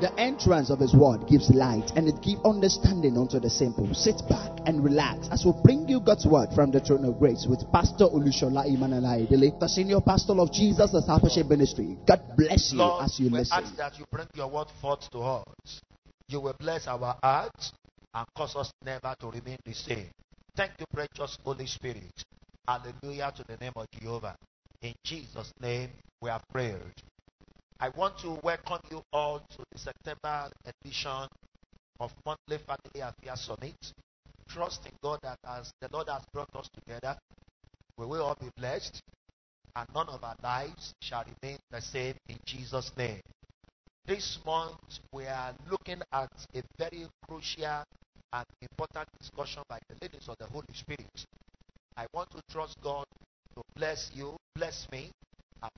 The entrance of his word gives light and it gives understanding unto the simple. Sit back and relax as we bring you God's word from the throne of grace with Pastor Olushola Imanalaidele, the senior pastor of Jesus Discipleship Ministry. God bless you Lord, as you listen. ask that you bring your word forth to us. You will bless our hearts and cause us never to remain the same. Thank you, precious Holy Spirit. Hallelujah to the name of Jehovah. In Jesus' name, we have prayed. I want to welcome you all to the September edition of Monthly Family Affairs Summit. Trust in God that as the Lord has brought us together, we will all be blessed and none of our lives shall remain the same in Jesus' name. This month, we are looking at a very crucial and important discussion by the ladies of the Holy Spirit. I want to trust God to bless you, bless me, are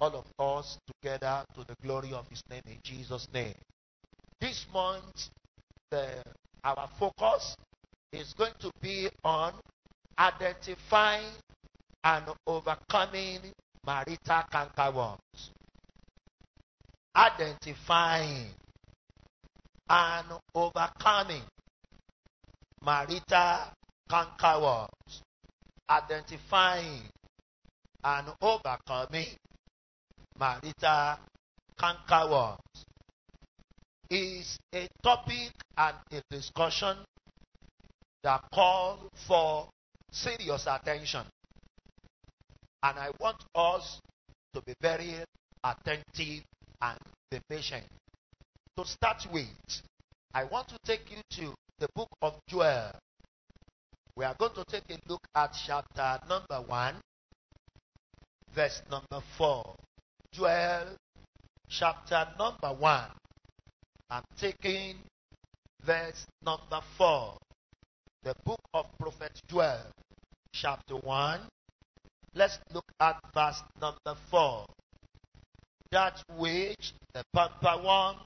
all of us together to the glory of His name in Jesus' name. This month, the, our focus is going to be on identifying and overcoming marital cankerworms. Identifying and overcoming marital cankerworms. Identifying and overcoming marital cankerworms is a topic and a discussion that calls for serious attention. And I want us to be very attentive and be patient. To start with, I want to take you to the book of Joel. We are going to take a look at chapter number 1 verse number 4. Joel chapter number 1. I'm taking verse number 4. The book of Prophet Joel chapter 1. Let's look at verse number 4. That which the pamper one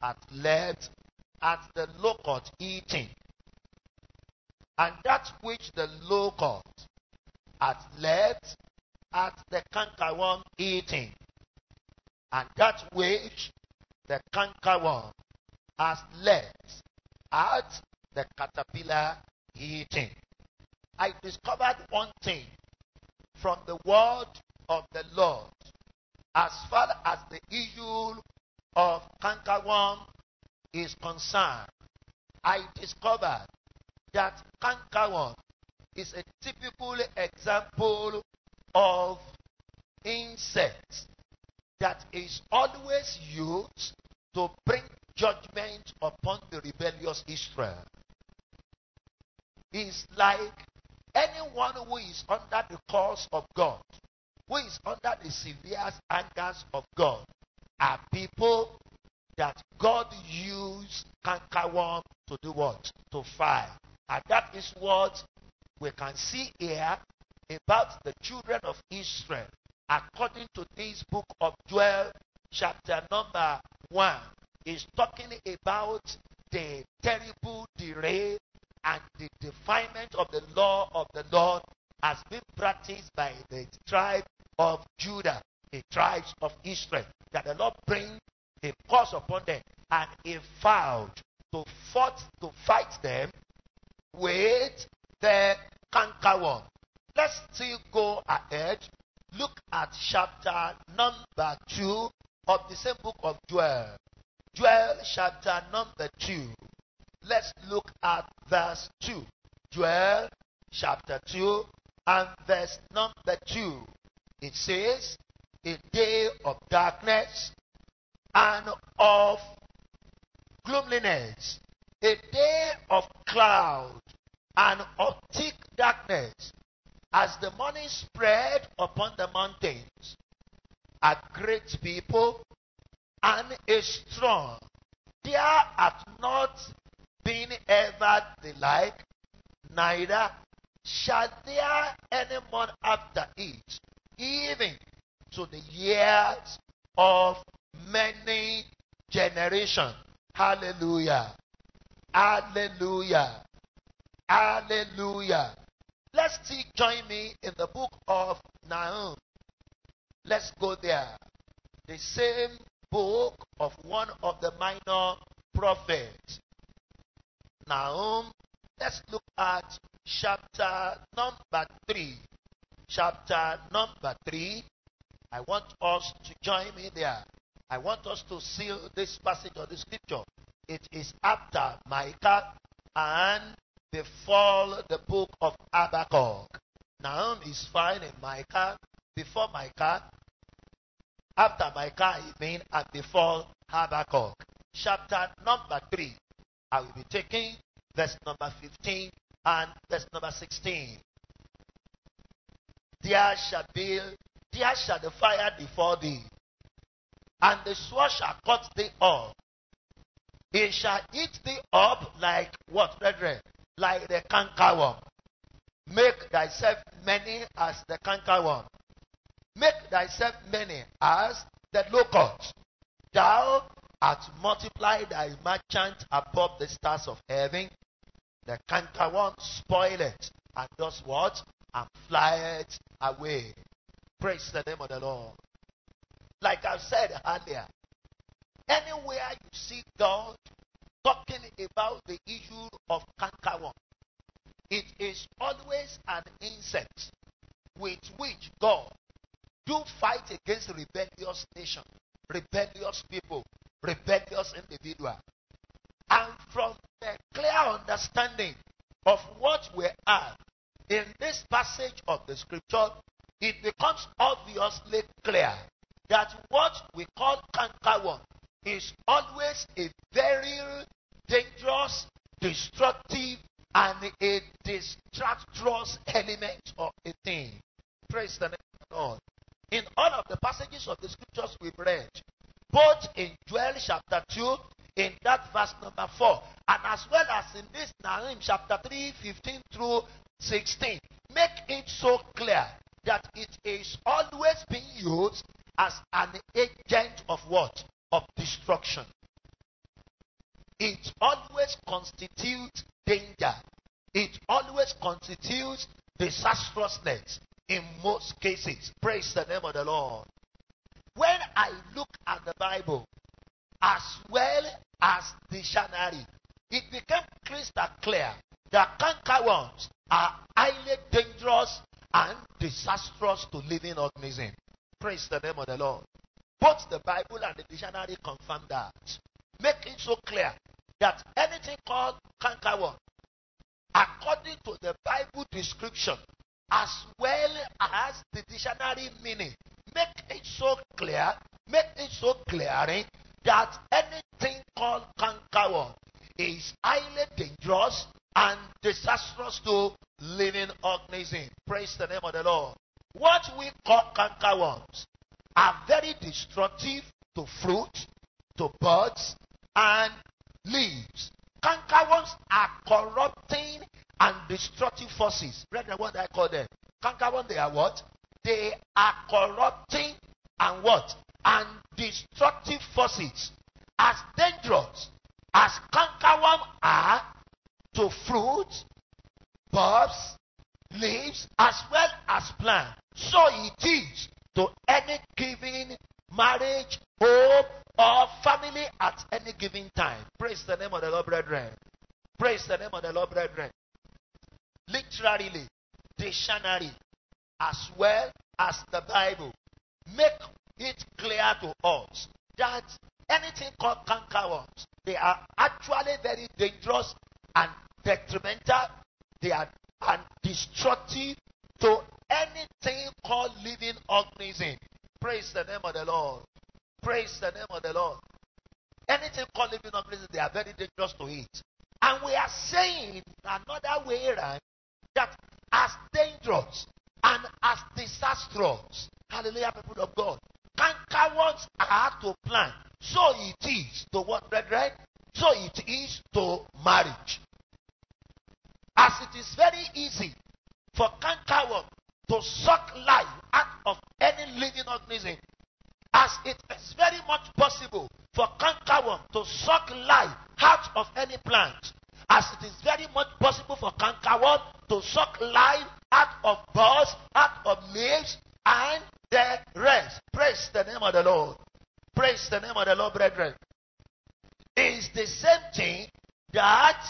had left at the locust eating, and that which the locust had left at the canker worm eating. And that which the canker worm has left at the caterpillar eating. I discovered one thing from the word of the Lord as far as the issue of cankerworm is concerned. I discovered that cankerworm is a typical example of insects that is always used to bring judgment upon the rebellious Israel is like anyone who is under the curse of God, who is under the severe angers of God, are people that God used cankerworm to do what? To fire. And that is what we can see here about the children of Israel according to this book of Joel, chapter number 1, is talking about the terrible delay and the defilement of the law of the Lord has been practiced by the tribe of Judah, the tribes of Israel, that the Lord bring a curse upon them and a vowed to fight to fight them with the canker one. Let's still go ahead. Look at chapter number 2 of the same book of Joel. Joel chapter number 2. Let's look at verse 2. Joel chapter 2 and verse number 2. It says, A day of darkness and of gloominess, a day of cloud and of thick darkness, as the morning spread upon the mountains, a great people and a strong. There hath not been ever the like, neither shall there any more after it, even to the years of many generations. Hallelujah. Hallelujah. Hallelujah. Let's see, join me in the book of Nahum. Let's go there. The same book of one of the minor prophets. Nahum, let's look at chapter number 3. Chapter number 3. I want us to join me there. I want us to seal this passage of the scripture. It is after Micah and they follow the book of Habakkuk. Nahum is fine in Micah. Before Micah, after Micah, it means and before Habakkuk. Chapter number 3. I will be taking verse number 15 and verse number 16. There shall be, there shall the fire before thee, and the sword shall cut thee off. It shall eat thee up like what, brethren? like the cankerworm. Make thyself many as the cankerworm. Make thyself many as the locust. Thou hast multiplied thy merchant above the stars of heaven. The cankerworm spoileth and does what? And flieth away. Praise the name of the Lord. Like i said earlier, anywhere you see God talking about the issue of cankerworm. It is always an insect with which God do fight against rebellious nation, rebellious people, rebellious individual. And from the clear understanding of what we are in this passage of the scripture, it becomes obviously clear that what we call cankerworm is always a very dangerous, destructive, and a destructive element of a thing. Praise the name of God. In all of the passages of the scriptures we've read, both in Joel chapter 2, in that verse number 4, and as well as in this Nahum chapter 3, 15 through 16, make it so clear that it is always being used as an agent of what? of destruction. It always constitutes danger. It always constitutes disastrousness in most cases. Praise the name of the Lord. When I look at the Bible as well as dictionary, it became crystal clear that cankerworms are highly dangerous and disastrous to living organisms. Praise the name of the Lord. Both the Bible and the dictionary confirm that. Make it so clear that anything called cankerworm, according to the Bible description, as well as the dictionary meaning, make it so clear, make it so clear that anything called cankerworm is highly dangerous and disastrous to living organism. Praise the name of the Lord. What we call cankerworms are very destructive to fruit, to buds, and leaves. Cankerworms worms are corrupting and destructive forces. Brethren, what I call them? Cankerworms. worms, they are what? They are corrupting and what? And destructive forces. As dangerous as cankerworms worms are to fruit, buds, leaves, as well as plants, so it is to any given marriage, home, or family at any given time. Praise the name of the Lord, brethren. Praise the name of the Lord, brethren. Literally, dictionary, as well as the Bible, make it clear to us that anything called cankerworms, they are actually very dangerous and detrimental. They are and destructive to anything called living organism. Praise the name of the Lord. Praise the name of the Lord. Anything called living organism, they are very dangerous to eat. And we are saying another way around that as dangerous and as disastrous, hallelujah, people of God, canker ones are to plant. So it is to what, brethren? So it is to marriage. As it is very easy for cankerworm to suck life out of any living organism, as it is very much possible for cankerworm to suck life out of any plant, as it is very much possible for cankerworm to suck life out of birds, out of leaves, and the rest. Praise the name of the Lord. Praise the name of the Lord, brethren. It's the same thing that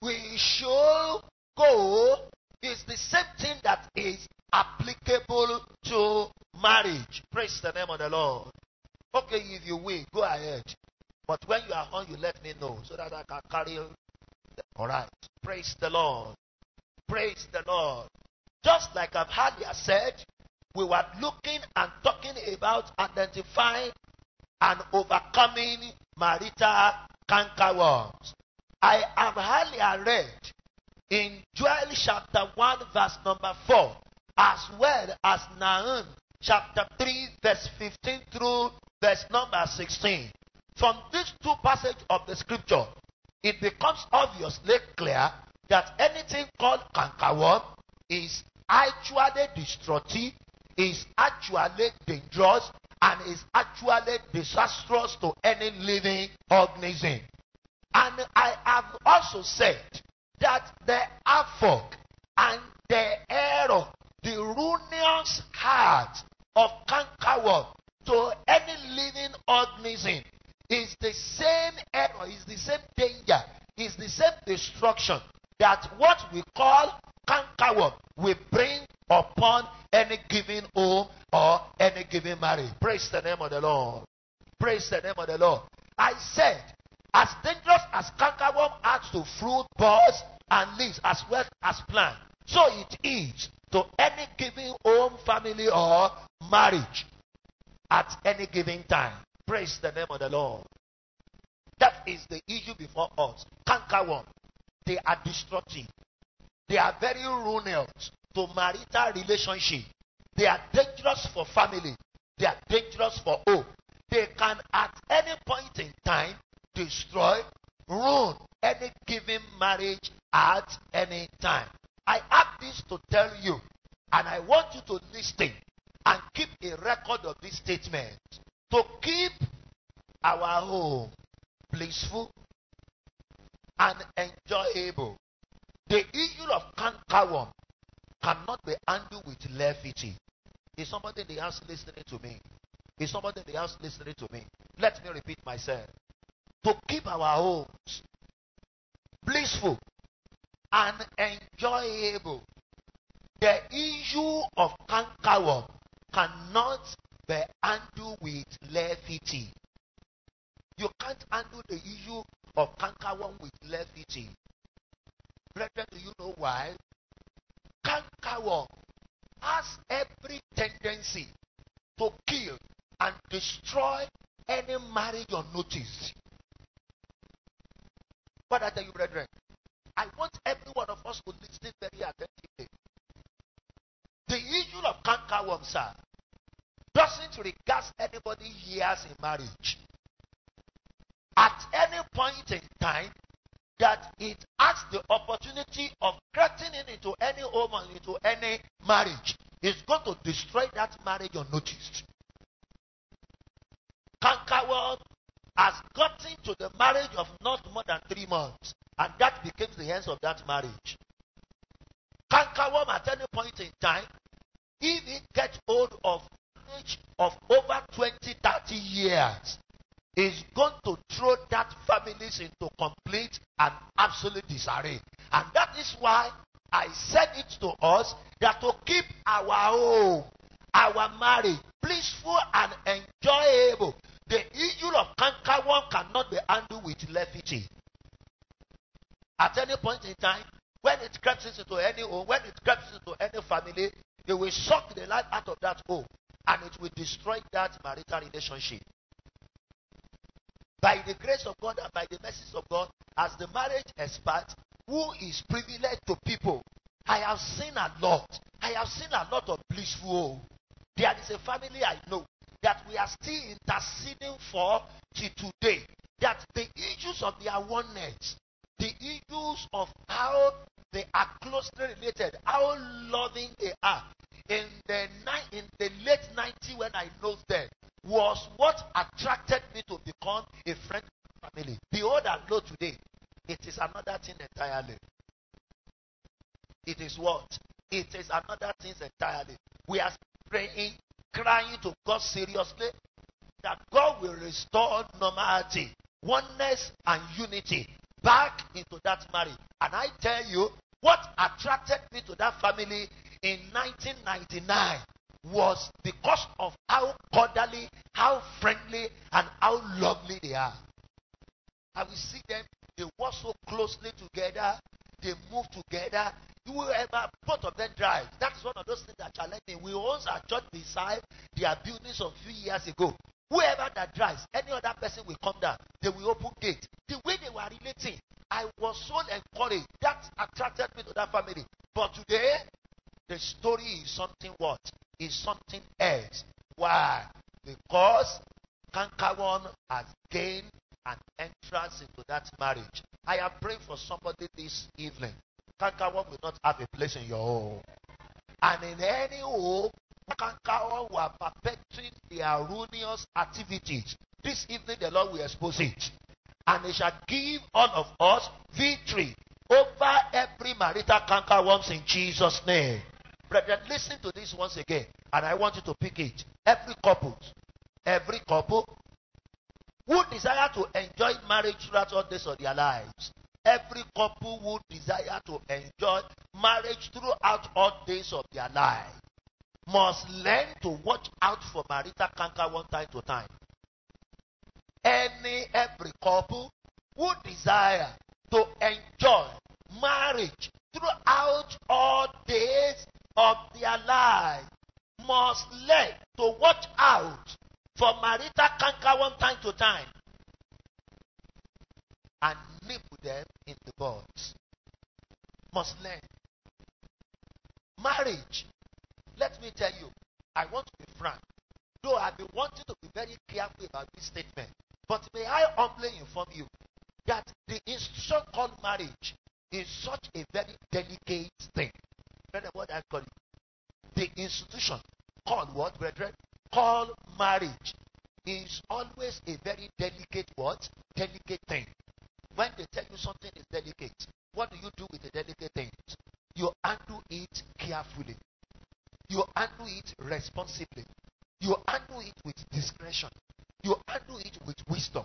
we should go it's the same thing that is applicable to marriage. Praise the name of the Lord. Okay, if you will, go ahead. But when you are on, you let me know so that I can carry you. All right. Praise the Lord. Praise the Lord. Just like I've earlier said, we were looking and talking about identifying and overcoming marital cankerworms. I have earlier read in Joel chapter 1, verse number 4, as well as Nahum chapter 3, verse 15 through verse number 16. From these two passages of the scripture, it becomes obviously clear that anything called cankerworm is actually destructive, is actually dangerous, and is actually disastrous to any living organism. And I have also said that the havoc and the error, the ruinous heart of cankerworm to any living organism is the same error, is the same danger, is the same destruction that what we call cankerworm will bring upon any given home or any given marriage. Praise the name of the Lord. Praise the name of the Lord. I said as dangerous as cankerworm adds to fruit, buds, and leaves, as well as plants, so it is to any given home, family, or marriage at any given time. Praise the name of the Lord. That is the issue before us. Cankerworm. They are destructive. They are very ruinous to marital relationship. They are dangerous for family. They are dangerous for home. They can at any point in time destroy, ruin any given marriage at any time. I have this to tell you, and I want you to listen and keep a record of this statement to keep our home blissful and enjoyable. The issue of cankerworm cannot be handled with levity. Is somebody in the house listening to me? Is somebody in the house listening to me? Let me repeat myself to keep our homes blissful and enjoyable. The issue of cankerworm cannot be handled with levity. You can't handle the issue of cankerworm with levity. Brethren, do you know why? Cankerworm has every tendency to kill and destroy any marriage notice. What tell you, brethren? I want every one of us to listen very attentively. The issue of cankerworm, sir, doesn't regard anybody years in marriage. At any point in time, that it has the opportunity of cutting into any home into any marriage is going to destroy that marriage unnoticed. Cankerworm has gotten to the marriage of not more than three months, and that becomes the end of that marriage. Canker at any point in time, if it gets hold of marriage of over 20, 30 years, is going to throw that families into complete and absolute disarray. And that is why I said it to us that to keep our home, our marriage, blissful and enjoyable, the issue of canker one cannot be handled with levity. At any point in time, when it creeps into any home, when it creeps into any family, it will suck the life out of that home and it will destroy that marital relationship. By the grace of God and by the mercy of God, as the marriage expert who is privileged to people, I have seen a lot. I have seen a lot of blissful There is a family I know that we are still interceding for till today. That the issues of their oneness, the issues of how they are closely related, how loving they are. In the, ni- in the late 90s when I know them, was what attracted me to become a friend of the family. Behold and know today, it is another thing entirely. It is what? It is another thing entirely. We are praying crying to God seriously that God will restore normality, oneness, and unity back into that marriage. And I tell you, what attracted me to that family in 1999 was because of how cordially, how friendly, and how lovely they are. I will see them, they work so closely together, they move together, you will ever, uh, both of them drive. That is one of those things that challenge me. We once are just beside their buildings a few years ago. Whoever that drives, any other person will come down. They will open gate. The way they were relating, I was so encouraged. That attracted me to that family. But today, the story is something what? Is something else. Why? Because Kankawan has gained an entrance into that marriage. I am praying for somebody this evening cankerworm will not have a place in your home. And in any home, cankerworm will perpetrate their ruinous activities. This evening, the Lord will expose it. And He shall give all of us victory over every marital cankerworms in Jesus' name. Brethren, listen to this once again. And I want you to pick it. Every couple, every couple who desire to enjoy marriage throughout all days of their lives every couple would desire to enjoy marriage throughout all days of their life must learn to watch out for marital canker one time to time. Any every couple would desire to enjoy marriage throughout all days of their life must learn to watch out for marital canker one time to time and nibble them in the bud. Must learn. Marriage. Let me tell you, I want to be frank. Though I've been wanting to be very careful about this statement, but may I humbly inform you that the institution called marriage is such a very delicate thing. Brethren, what I call it? The institution called what, brethren? Called marriage is always a very delicate what? Delicate thing. When they tell you something is delicate, what do you do with the delicate things? You handle it carefully. You handle it responsibly. You handle it with discretion. You handle it with wisdom.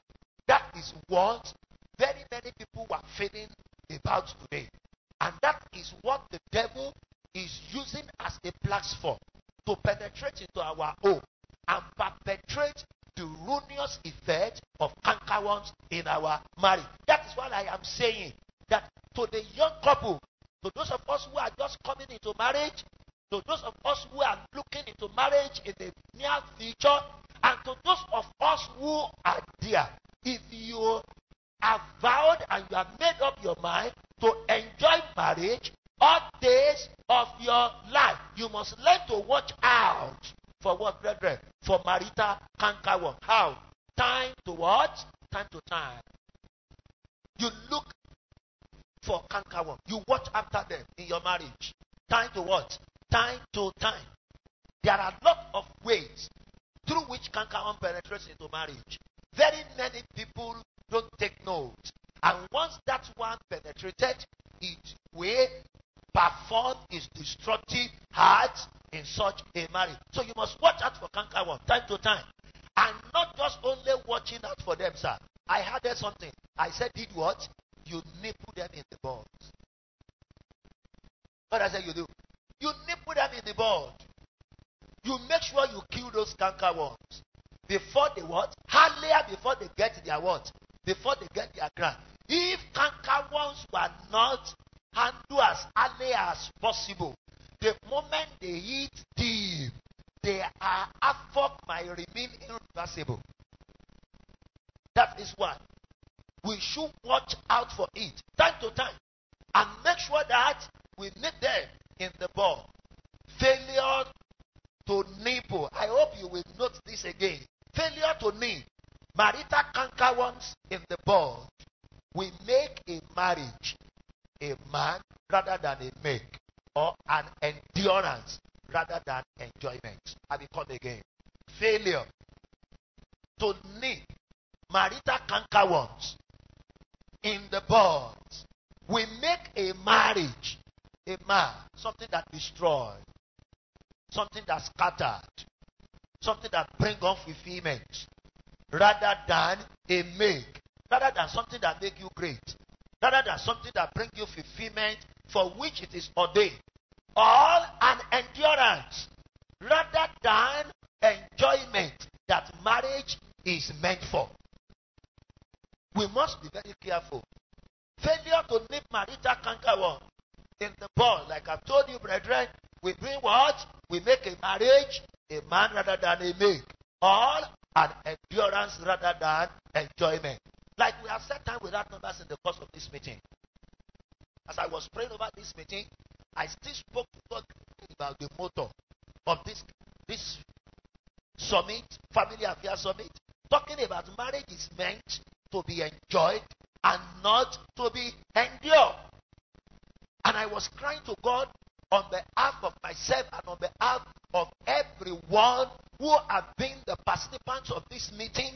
That is what very many people were feeling about today. And that is what the devil is using as a platform to penetrate into our home and perpetrate the ruinous effect of concurrence in our marriage. That is what I am saying. That to the young couple, to those of us who are just coming into marriage, to those of us who are looking into marriage in the near future, and to those of us who are there, if you have vowed and you have made up your mind to enjoy marriage all days of your life, you must learn to watch out for what, brethren? For marital canker work. How? Time to what? Time to time. You look for canker work. You watch after them in your marriage. Time to what? Time to time. There are a lot of ways through which canker penetrates into marriage. Very many people don't take note. And once that one penetrated, it will perform is destructive heart in such a marriage. So you must watch out for canker one time to time. And not just only watching out for them, sir. I added something. I said, did what? You nipple them in the bud. What I said you do? You nipple them in the bud. You make sure you kill those canker ones before they what? Earlier before they get their what? Before they get their grant. If canker ones were not and do as early as possible. The moment they hit deep, their effort might remain irreversible. That is why we should watch out for it time to time and make sure that we nip them in the bud. Failure to nibble. I hope you will note this again. Failure to nip. Marital canker once in the bud. We make a marriage a man rather than a make, or an endurance rather than enjoyment. I will come again. Failure to need marital canker ones in the bud. We make a marriage a man, something that destroys, something that scattered, something that brings unfulfillment, rather than a make, rather than something that make you great, rather than something that brings you fulfillment for which it is ordained. All an endurance rather than enjoyment that marriage is meant for. We must be very careful. Failure to make marital canker in the ball, like I've told you, brethren, we bring what? We make a marriage a man rather than a maid. All an endurance rather than enjoyment. Like we have set time without numbers in the course of this meeting. As I was praying over this meeting, I still spoke to God about the motto of this this summit, family affairs summit, talking about marriage is meant to be enjoyed and not to be endured. And I was crying to God on behalf of myself and on behalf of everyone who have been the participants of this meeting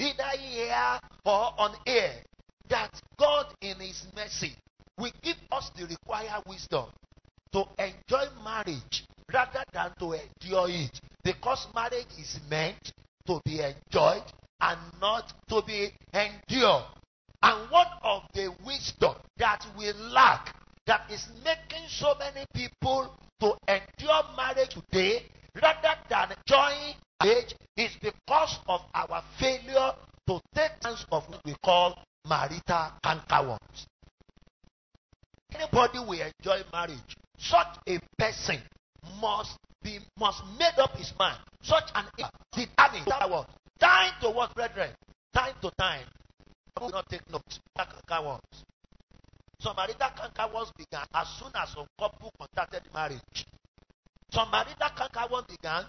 either here or on air, that God in His mercy will give us the required wisdom to enjoy marriage rather than to endure it. Because marriage is meant to be enjoyed and not to be endured. And one of the wisdom that we lack that is making so many people to endure marriage today rather than join marriage is because of our failure to take chance of what we call marital cankerworms. Anybody will enjoy marriage. Such a person must be must make up his mind. Such an determined cankerworm. Time to what, brethren? Time to time. I will not take notes. Cankerworms. Some marital cankerworms began as soon as a couple contacted marriage. Some marital cankerworms began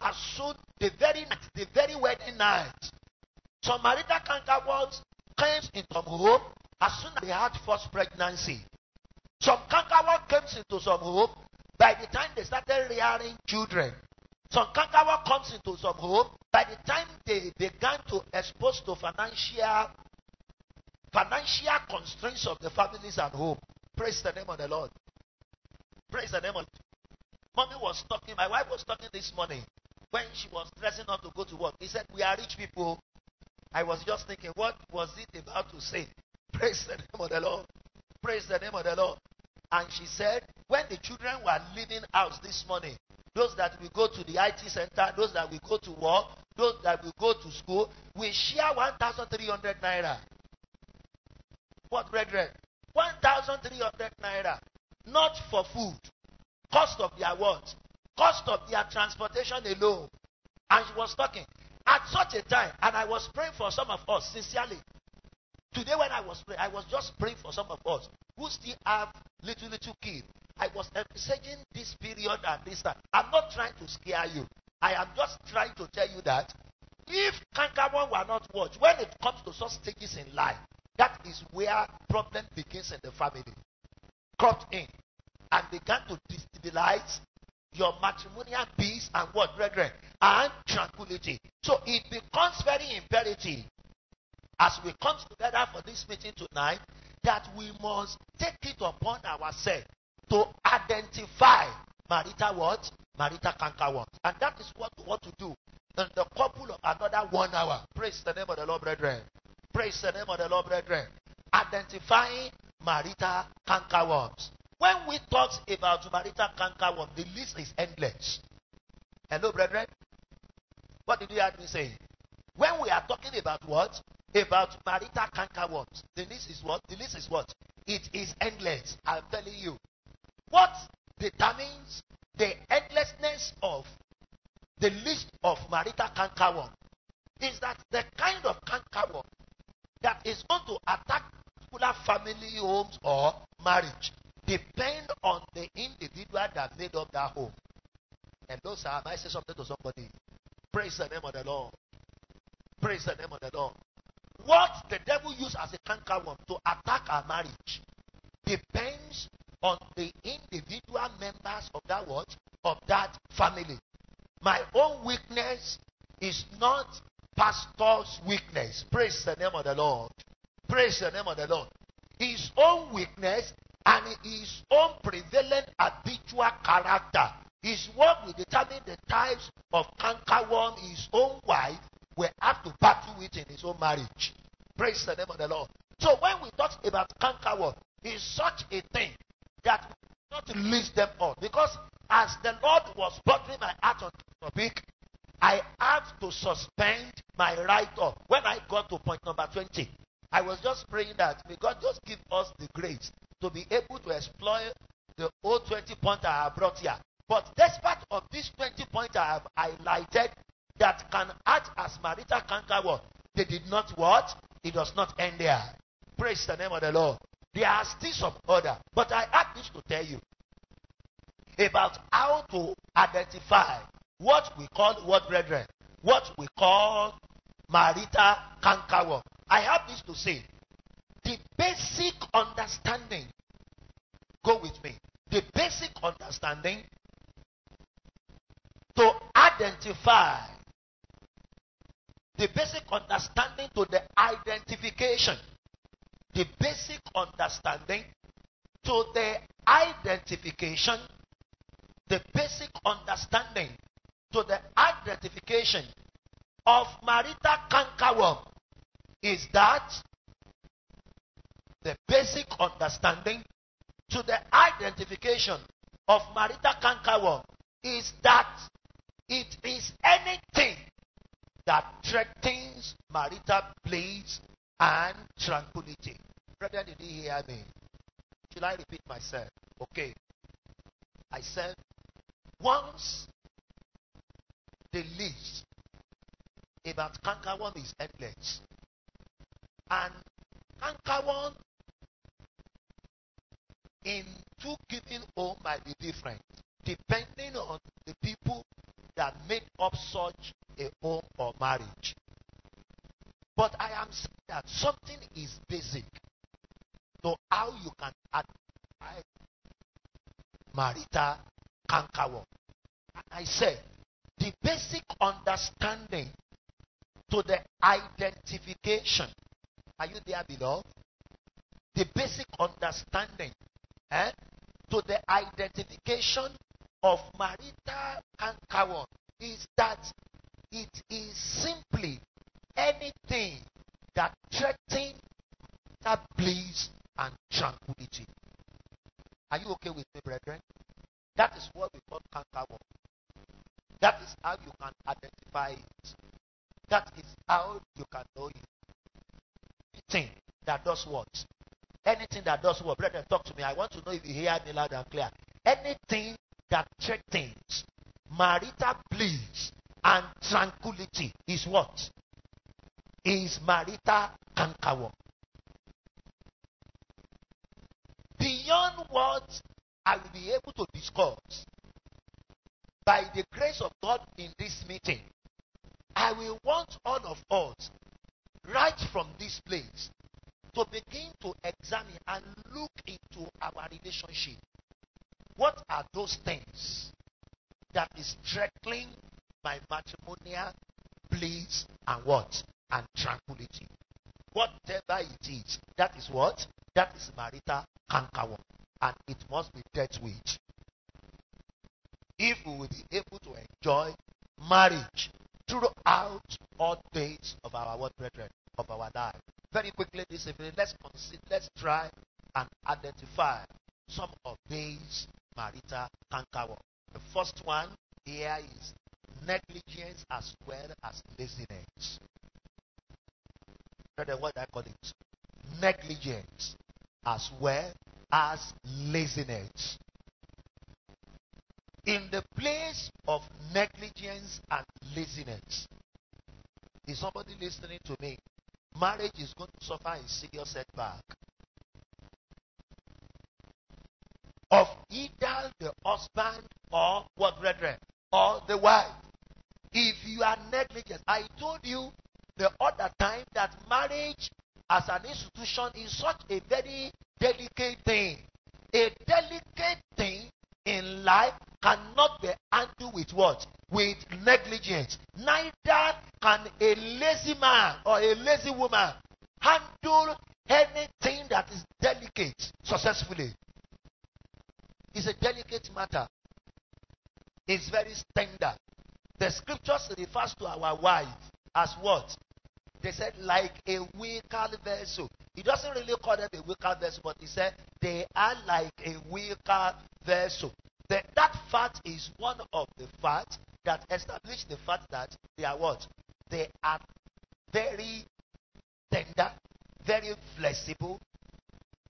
as soon the very night, the very wedding night, some marital cankerworms came into home as soon as they had first pregnancy. Some cankerworm comes into some home by the time they started rearing children. Some cankerworm comes into some home by the time they began to expose to financial financial constraints of the families at home. Praise the name of the Lord. Praise the name of Mommy was talking, my wife was talking this morning when she was dressing up to go to work. He said, We are rich people. I was just thinking, what was it about to say? Praise the name of the Lord. Praise the name of the Lord. And she said, when the children were leaving house this morning, those that will go to the IT center, those that will go to work, those that will go to school, we share 1,300 naira. What, brethren? 1,300 naira. Not for food. Cost of their what? cost of their transportation alone. And she was talking at such a time, and I was praying for some of us sincerely. Today, when I was praying, I was just praying for some of us who still have little, little kids. I was envisaging this period at this time. I'm not trying to scare you. I am just trying to tell you that if Kankamon were not watched, when it comes to such stages in life, that is where problem begins in the family. Cropped in and began to destabilize your matrimonial peace and what, brethren? And tranquility. So it becomes very imperative as we come together for this meeting tonight that we must take it upon ourselves to identify marital what? Marital canker what? And that is what we want to do in the couple of another one hour. Praise the name of the Lord, brethren. Praise the name of the Lord, brethren. Identifying marital canker worms. When we talk about Marita canker one, the list is endless. Hello, brethren. What did you hear me say? When we are talking about what? About marital canker what? The list is what? The list is what? It is endless. I'm telling you. What determines the endlessness of the list of marital canker is that the kind of canker that is going to attack particular family homes or marriage depend on the individual that made up that home. And those are, I say something to somebody. Praise the name of the Lord. Praise the name of the Lord. What the devil used as a worm to attack our marriage depends on the individual members of that what of that family. My own weakness is not pastor's weakness. Praise the name of the Lord. Praise the name of the Lord. His own weakness and his own prevalent habitual character. His work will determine the types of cankerworm his own wife will have to battle with in his own marriage. Praise the name of the Lord. So when we talk about cankerworm, it's such a thing that we not list them all. Because as the Lord was bothering my heart on this topic, I have to suspend my right. up when I got to point number 20. I was just praying that may God just give us the grace to be able to exploit the old 20 points I have brought here. But despite of these 20 points I have highlighted that can act as marital canker, they did not what? It does not end there. Praise the name of the Lord. There are still some other. But I add this to tell you about how to identify what we call what brethren, what we call marital canker. I have this to say basic understanding, go with me, the basic understanding to identify, the basic understanding to the identification, the basic understanding to the identification, the basic understanding to the identification of marital cankerworm is that the basic understanding to the identification of marital cankerworm is that it is anything that threatens marital bliss and tranquility. Brother, did you hear me? Should I repeat myself? Okay. I said, once the list about cankerworm is endless, and cankerworm in two giving home might be different depending on the people that make up such a home or marriage. But I am saying that something is basic to so how you can add marital cankerworm. And I said the basic understanding to the identification. Are you there, beloved? The basic understanding eh, to the identification of marital kawon is that it is simply anything that threatens that bliss and tranquility. Are you okay with me, brethren? That is what we call kawon. That is how you can identify it. That is how you can know it. Anything that does what? Anything that does work, brother, talk to me. I want to know if you hear me loud and clear. Anything that threatens marital bliss and tranquility is what? Is marital cankerworm. Beyond what I will be able to discuss by the grace of God in this meeting, I will want all of us, right from this place, to begin to examine and look into our relationship. What are those things that is threatening my matrimonial bliss and what? And tranquility. Whatever it is, that is what? That is marital cankerworm. And it must be dealt with. If we will be able to enjoy marriage throughout all days of our what, brethren, of our life very quickly this evening, let's consider, let's try and identify some of these marital cankerworms. The first one here is negligence as well as laziness. what I call it? Negligence as well as laziness. In the place of negligence and laziness, is somebody listening to me? marriage is going to suffer a serious setback. Of either the husband or what brethren or the wife. If you are negligent, I told you the other time that marriage as an institution is such a very delicate thing. A delicate thing in life cannot be handled with what? With negligence. Neither can a lazy man or a lazy woman handle anything that is delicate successfully. It's a delicate matter. It's very tender. The scriptures refers to our wife as what? They said, like a weaker vessel. He doesn't really call them a weaker vessel, but he said, they are like a weaker vessel. The, that fact is one of the facts that establish the fact that they are what? They are very tender, very flexible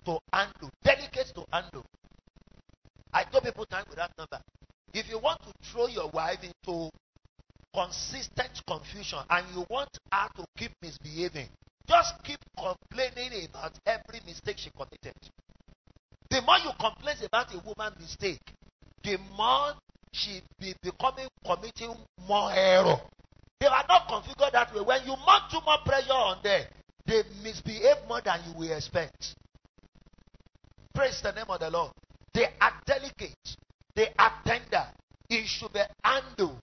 to handle, delicate to handle. I told people time without number. If you want to throw your wife into consistent confusion and you want her to keep misbehaving, just keep complaining about every mistake she committed. The more you complain about a woman's mistake, the more she be becoming committing more error. They are not configured that way. When you mount too much pressure on them, they misbehave more than you will expect. Praise the name of the Lord. They are delicate. They are tender. It should be handled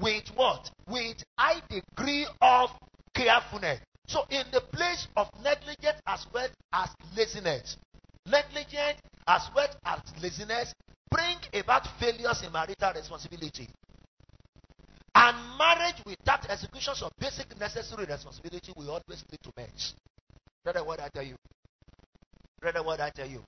with what? With high degree of carefulness. So, in the place of negligence as well as laziness, negligence as well as laziness bring about failures in marital responsibility. And marriage without execution of basic necessary responsibility will always lead to match. Brother, what I tell you. Brother, what I tell you.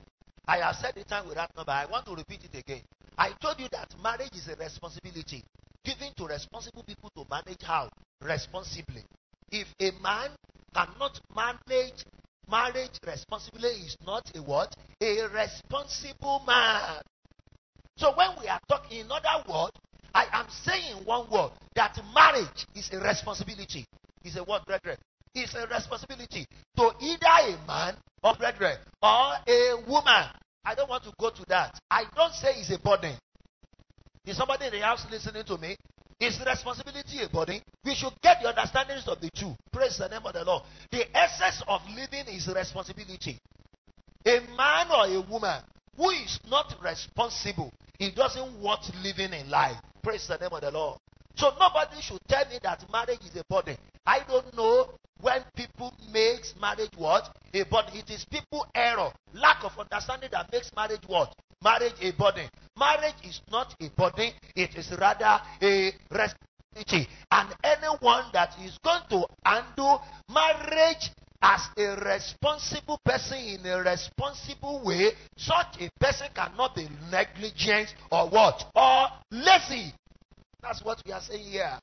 I have said it time without number. I want to repeat it again. I told you that marriage is a responsibility given to responsible people to manage how? Responsibly. If a man cannot manage marriage responsibly, is not a what? A responsible man. So when we are talking, in other words, I am saying one word that marriage is a responsibility. Is a word, brethren. It's a responsibility to either a man or brethren or a woman. I don't want to go to that. I don't say it's a burden. Is somebody in the house listening to me? It's responsibility a We should get the understandings of the two. Praise the name of the Lord. The essence of living is responsibility. A man or a woman who is not responsible, he doesn't want living in life. Praise the name of the Lord. So nobody should tell me that marriage is a burden. I don't know when people makes marriage what a burden. It is people error, lack of understanding that makes marriage what marriage a burden. Marriage is not a burden, it is rather a responsibility. And anyone that is going to undo marriage as a responsible person in a responsible way, such a person cannot be negligent or what? Or lazy. That's what we are saying here.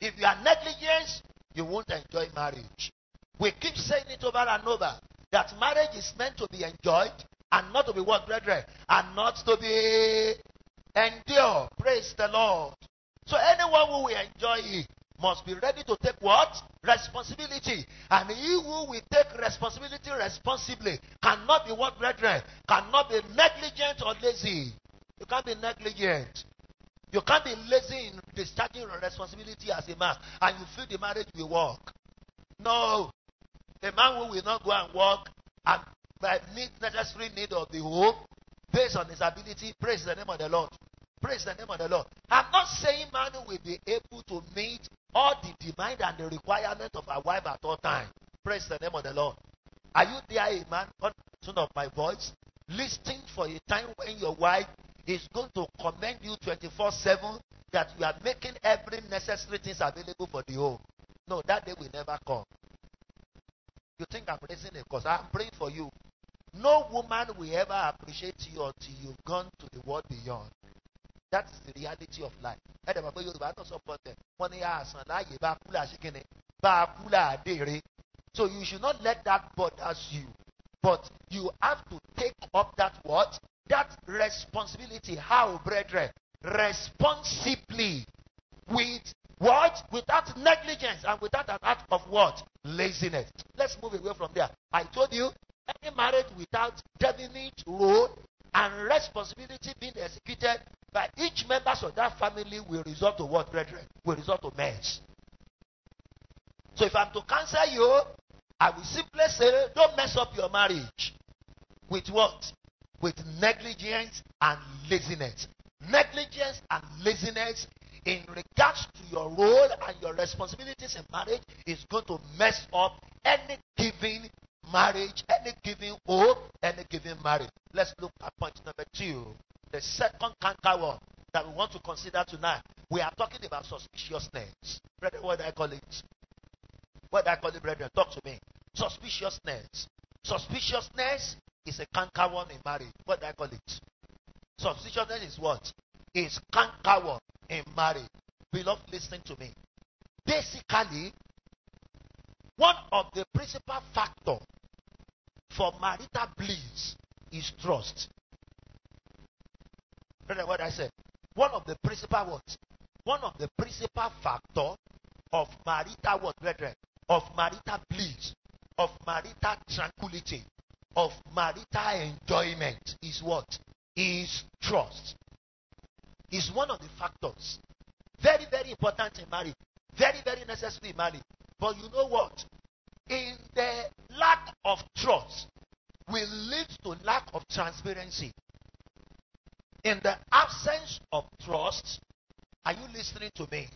If you are negligent, you won't enjoy marriage. We keep saying it over and over that marriage is meant to be enjoyed, and not to be what, brethren? And not to be endure. Praise the Lord. So anyone who will enjoy it must be ready to take what? Responsibility. And he who will take responsibility responsibly cannot be what, brethren? Cannot be negligent or lazy. You can't be negligent. You can't be lazy in discharging your responsibility as a man and you feel the marriage will work. No. A man who will not go and work and by meet necessary need of the home based on his ability. Praise the name of the Lord. Praise the name of the Lord. I'm not saying man will be able to meet all the demand and the requirement of a wife at all times. Praise the name of the Lord. Are you there, a man, son of my voice, listening for a time when your wife is going to commend you 24-7 that you are making every necessary things available for the home? No, that day will never come. You think I'm raising a cause. I'm praying for you. No woman will ever appreciate you until you've gone to the world beyond. That's the reality of life. ní àṣàn ah, So you should not let that bother you. But you have to take up that what? That responsibility. How, brethren? Responsibly. With what? Without negligence and without an act of what? Laziness. Let's move away from there. I told you any marriage without definite role and responsibility being executed by each member of that family will result to what, brethren? Will result to mess. So if I'm to cancel you, I will simply say, don't mess up your marriage. With what? With negligence and laziness. Negligence and laziness in regards to your role and your responsibilities in marriage is going to mess up any given marriage, any given hope, any given marriage. Let's look at point number two. The second canker one that we want to consider tonight. We are talking about suspiciousness. Brethren, what do I call it? What do I call it, brethren? Talk to me. Suspiciousness. Suspiciousness is a canker one in marriage. What do I call it? Suspiciousness is what? Is canker one in marriage. Beloved, listen to me. Basically, one of the principal factors for marital bliss is trust. Brother, what I said? One of the principal what? One of the principal factor of marital what, brethren? Of marital bliss, of marital tranquility, of marital enjoyment is what? Is trust. Is one of the factors. Very, very important in marriage. Very, very necessary in marriage. But you know what? in the lack of trust will lead to lack of transparency. In the absence of trust, are you listening to me?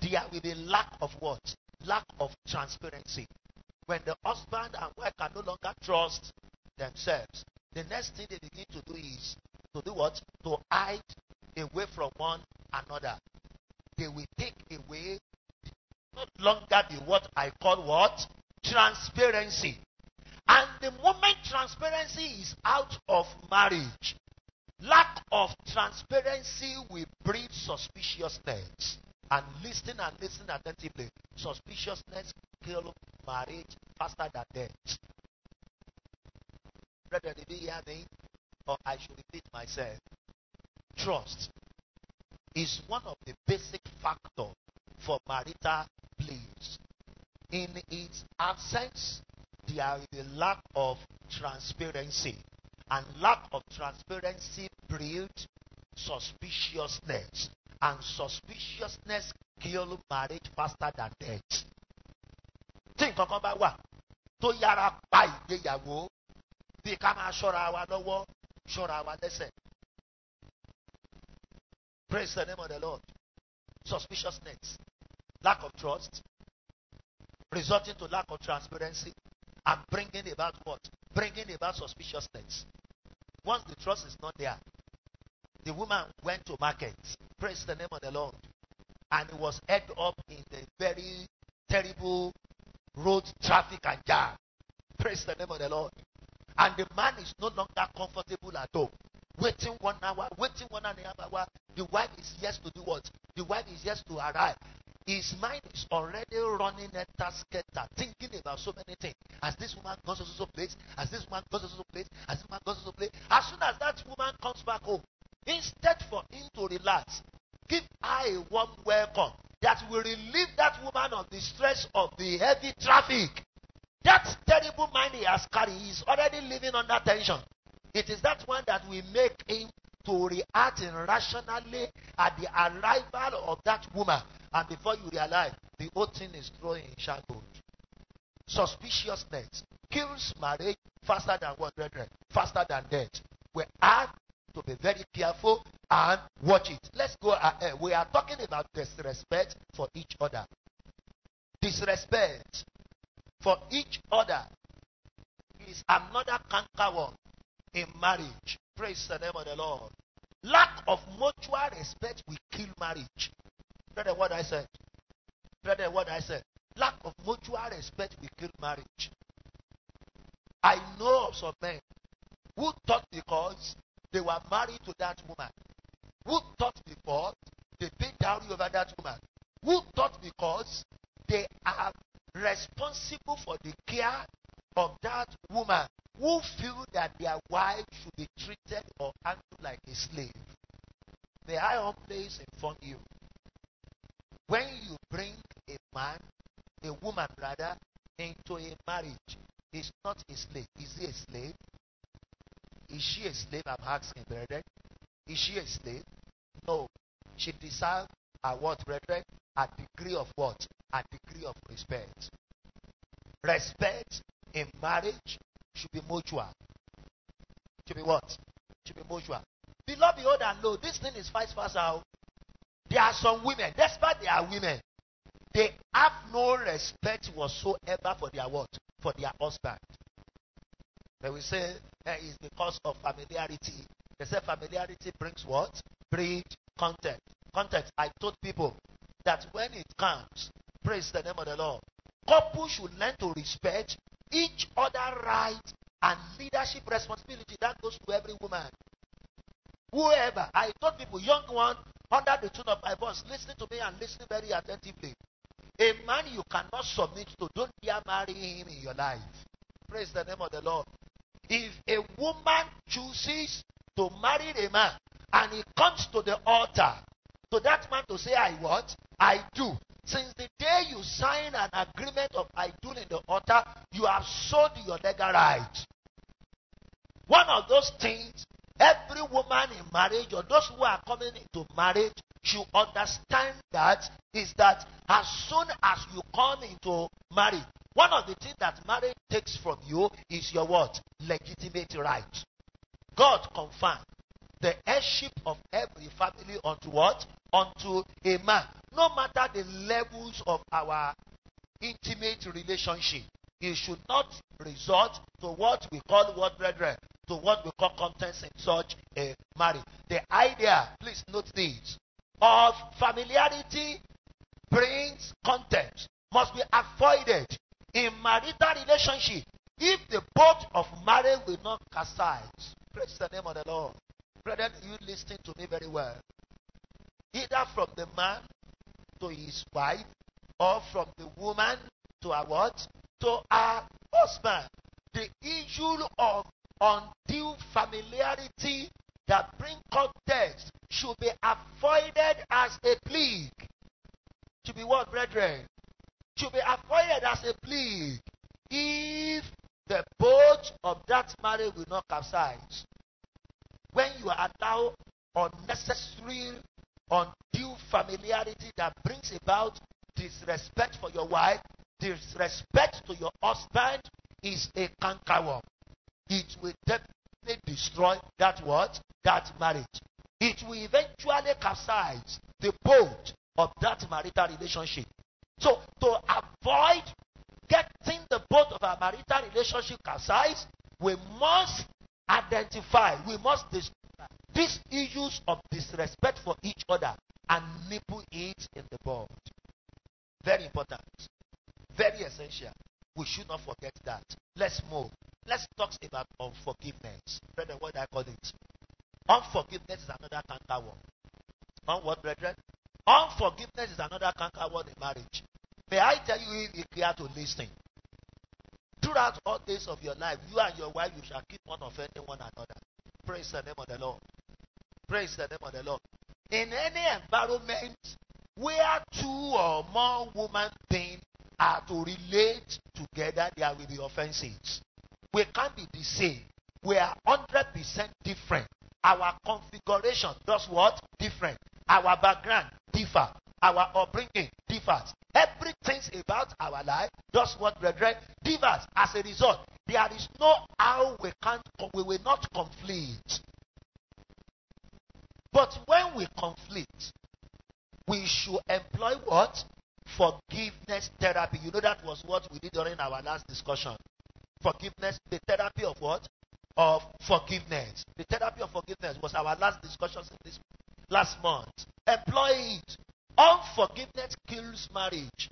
There will be lack of what? Lack of transparency. When the husband and wife can no longer trust themselves, the next thing they begin to do is to do what? To hide away from one another. They will take away no longer the what I call what? transparency. And the moment transparency is out of marriage, lack of transparency will breed suspiciousness. And listen and listen attentively. Suspiciousness kill marriage faster than death. Brethren, did you hear me? Or I should repeat myself. Trust is one of the basic factors for marital in its absence, there is a lack of transparency. And lack of transparency breeds suspiciousness. And suspiciousness kills marriage faster than death. Think of kan bá wà tó yára pa ìgbéyàwó bí ká máa ṣọ́ra wa lọ́wọ́ ṣọ́ra wa lowo sora Praise the name of the Lord. Suspiciousness, lack of trust, resulting to lack of transparency and bringing about what? Bringing about suspiciousness. Once the trust is not there, the woman went to market. Praise the name of the Lord. And it was head up in the very terrible road traffic and jam. Praise the name of the Lord. And the man is no longer comfortable at all. Waiting one hour, waiting one and a half hour. The wife is yes to do what? The wife is yes to arrive. His mind is already running a scatter, thinking about so many things. As this woman goes to so place, as this woman goes to so place, as this woman goes to so place. As soon as that woman comes back home, instead for him to relax, give her a warm welcome that will relieve that woman of the stress of the heavy traffic. That terrible mind he has carried, he is already living under tension. It is that one that will make him to react irrationally at the arrival of that woman and before you realize, the whole thing is growing in shadows. Suspiciousness kills marriage faster than what, brethren? Faster than death. We have to be very careful and watch it. Let's go ahead. We are talking about disrespect for each other. Disrespect for each other is another canker in marriage. Praise the name of the Lord. Lack of mutual respect will kill marriage. Brother, what I said. Brother, what I said. Lack of mutual respect will kill marriage. I know of some men who thought because they were married to that woman, who thought because they paid dowry over that woman, who thought because they are responsible for the care of that woman, who feel that their wife should be treated or handled like a slave. May I front inform you when you bring a man, a woman rather, into a marriage, he's not a slave. Is he a slave? Is she a slave? I'm asking, brethren. Is she a slave? No. She deserves a what, brethren? A degree of what? A degree of respect. Respect in marriage should be mutual. Should be what? Should be mutual. Beloved, behold and lo, this thing is vice versa. Oh. There are some women, despite they are women, they have no respect whatsoever for their what? For their husband. They will say that is because of familiarity. They say familiarity brings what? Brings content. Content. I told people that when it comes, praise the name of the Lord. Couples should learn to respect each other right and leadership responsibility. That goes to every woman. Whoever. I told people, young one, under the tune of my voice, listening to me and listening very attentively. A man you cannot submit to, don't dare marry him in your life. Praise the name of the Lord. If a woman chooses to marry a man and he comes to the altar, to that man to say, I what? I do. Since the day you sign an agreement of I do in the altar, you have sold your legal right. One of those things Every woman in marriage or those who are coming into marriage should understand that is that as soon as you come into marriage, one of the things that marriage takes from you is your what? Legitimate right. God confirmed the heirship of every family unto what? Unto a man. No matter the levels of our intimate relationship, it should not resort to what we call what, brethren? to what we call contents in such a marriage. The idea, please note this, of familiarity brings contempt must be avoided in marital relationship if the boat of marriage will not capsize. Praise the name of the Lord. brother. you listen to me very well. Either from the man to his wife or from the woman to her what? To her husband. The issue of undue familiarity that bring context should be avoided as a plague. To be what, brethren? To be avoided as a plague if the boat of that marriage will not capsize. When you allow unnecessary, undue familiarity that brings about disrespect for your wife, disrespect to your husband, is a cankerworm it will definitely destroy that what? That marriage. It will eventually capsize the boat of that marital relationship. So to avoid getting the boat of our marital relationship capsized, we must identify, we must discover these issues of disrespect for each other and nip it in the bud. Very important. Very essential. We should not forget that. Let's move. Let's talk about unforgiveness. Brethren, what I call it? Unforgiveness is another canker word. On what, brethren? Unforgiveness is another canker word in marriage. May I tell you if you care to listen? Throughout all days of your life, you and your wife, you shall keep on offending one another. Praise the name of the Lord. Praise the name of the Lord. In any environment where two or more women being are to relate together, there will be offenses. We can't be the same. We are 100% different. Our configuration does what? Different. Our background differ. Our upbringing differs. Everything about our life does what, brethren? Differs. As a result, there is no how we can't, we will not conflict. But when we conflict, we should employ what? Forgiveness therapy. You know that was what we did during our last discussion forgiveness, the therapy of what? Of forgiveness. The therapy of forgiveness was our last discussions in this last month. Employ it. Unforgiveness kills marriage.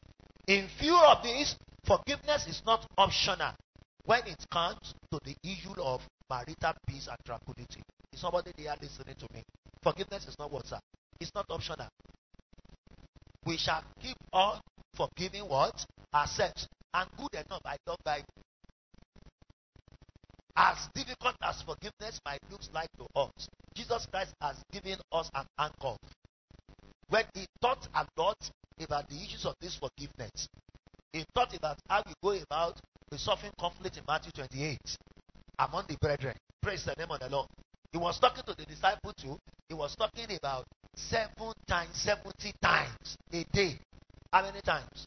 In view of this, forgiveness is not optional when it comes to the issue of marital peace and tranquility. Is somebody there listening to me? Forgiveness is not what, sir? It's not optional. We shall keep on forgiving what? Ourselves. And good enough, I love Bible. As difficult as forgiveness might look like to us, Jesus Christ has given us an anchor. When he taught a lot about the issues of this forgiveness, he thought about how you go about resolving conflict in Matthew 28 among the brethren. Praise the name of the Lord. He was talking to the disciple too. He was talking about seven times, seventy times a day. How many times?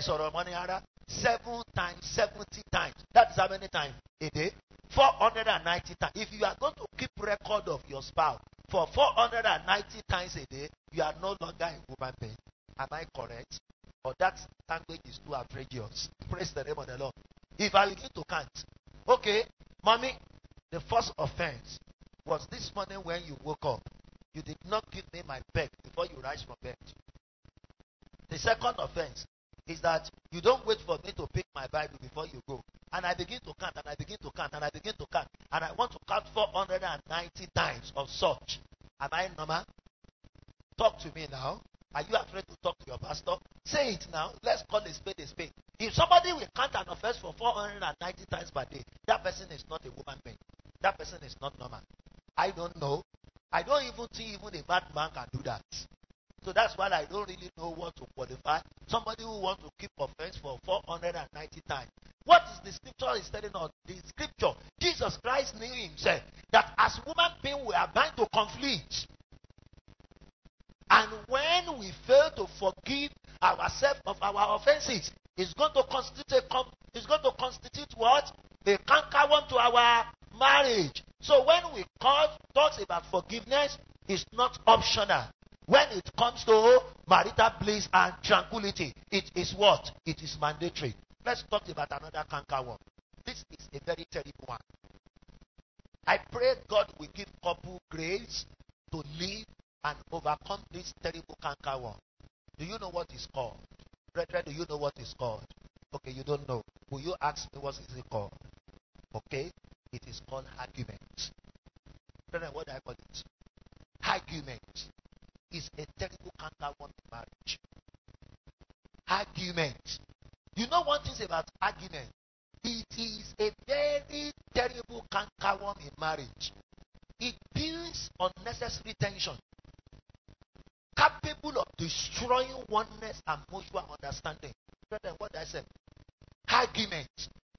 so the money seven times, 70 times. That's how many times a day? 490 times. If you are going to keep record of your spouse for 490 times a day, you are no longer a woman being. Am I correct? Or that language is too outrageous. Praise the name of the Lord. If I begin to count, okay, mommy, the first offense was this morning when you woke up. You did not give me my bed before you rise from bed. The second offense is that you don't wait for me to pick my Bible before you go. And I begin to count, and I begin to count, and I begin to count. And I want to count 490 times of such. Am I normal? Talk to me now. Are you afraid to talk to your pastor? Say it now. Let's call a spade a spade. If somebody will count an offense for 490 times per day, that person is not a woman being. That person is not normal. I don't know. I don't even think even a bad man can do that. So that's why I don't really know what to qualify. Somebody who wants to keep offense for 490 times. What is the scripture is telling us? The scripture, Jesus Christ knew himself that as human beings we are bound to conflict. And when we fail to forgive ourselves of our offenses, it's going to constitute a, it's going to constitute what? A canker one to our marriage. So when we call, talks about forgiveness, it's not optional. When it comes to marital bliss and tranquility, it is what? It is mandatory. Let's talk about another canker one. This is a very terrible one. I pray God will give couple grace to live and overcome this terrible canker one. Do you know what it's called? Brethren, do you know what it's called? Okay, you don't know. Will you ask me what is it called? Okay? It is called argument. Brethren, what do I call it? Argument is a terrible canker one marriage. Argument. You know one thing about argument? It is a very terrible canker one in marriage. It builds unnecessary tension, capable of destroying oneness and mutual understanding. Brethren, what I said. Argument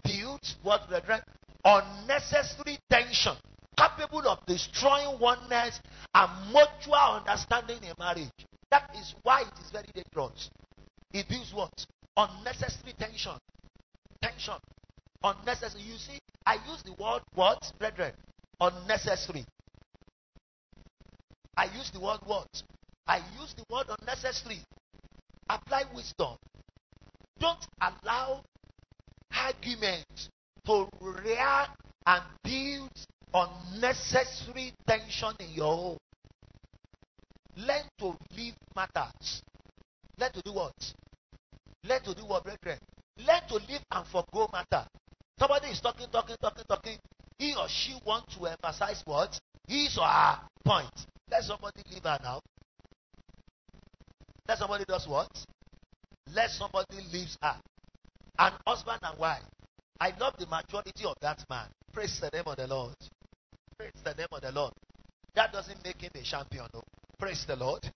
builds what, brethren? Unnecessary tension capable of destroying oneness and mutual understanding in marriage. That is why it is very dangerous. It builds what? Unnecessary tension. Tension. Unnecessary. You see, I use the word what, brethren? Unnecessary. I use the word what? I use the word unnecessary. Apply wisdom. Don't allow arguments to rear and build unnecessary tension in your home. Learn to leave matters. Learn to do what? Learn to do what, brethren? Learn to leave and forego matter. Somebody is talking, talking, talking, talking. He or she wants to emphasize what? His or her point. Let somebody leave her now. Let somebody does what? Let somebody leaves her. An husband and wife. I love the maturity of that man. Praise the name of the Lord. Praise the name of the Lord. That doesn't make him a champion, Praise the Lord.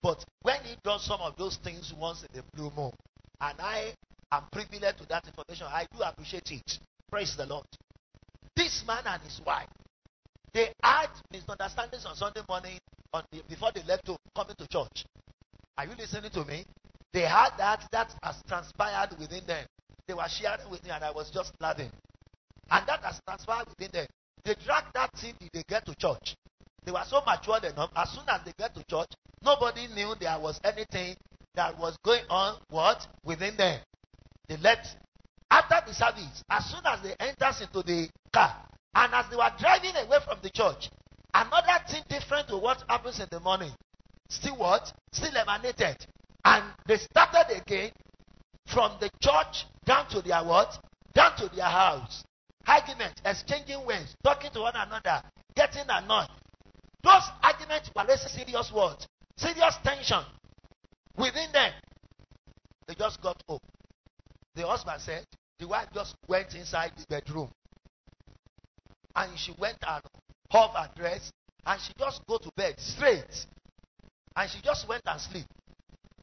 But when he does some of those things once in the blue moon, and I am privileged to that information, I do appreciate it. Praise the Lord. This man and his wife, they had misunderstandings on Sunday morning on the, before they left to coming to church. Are you listening to me? They had that that has transpired within them. They were sharing with me, and I was just laughing. And that has transpired within them. They drag that thing. Did they get to church. They were so mature enough. as soon as they get to church, nobody knew there was anything that was going on what within them. They left after the service, as soon as they entered into the car, and as they were driving away from the church, another thing different to what happens in the morning, still what? Still emanated. And they started again from the church down to their what? Down to their house arguments, exchanging words, talking to one another, getting annoyed. Those arguments were raising serious words, serious tension within them. They just got up. The husband said, the wife just went inside the bedroom. And she went and hove her dress. And she just go to bed straight. And she just went and sleep.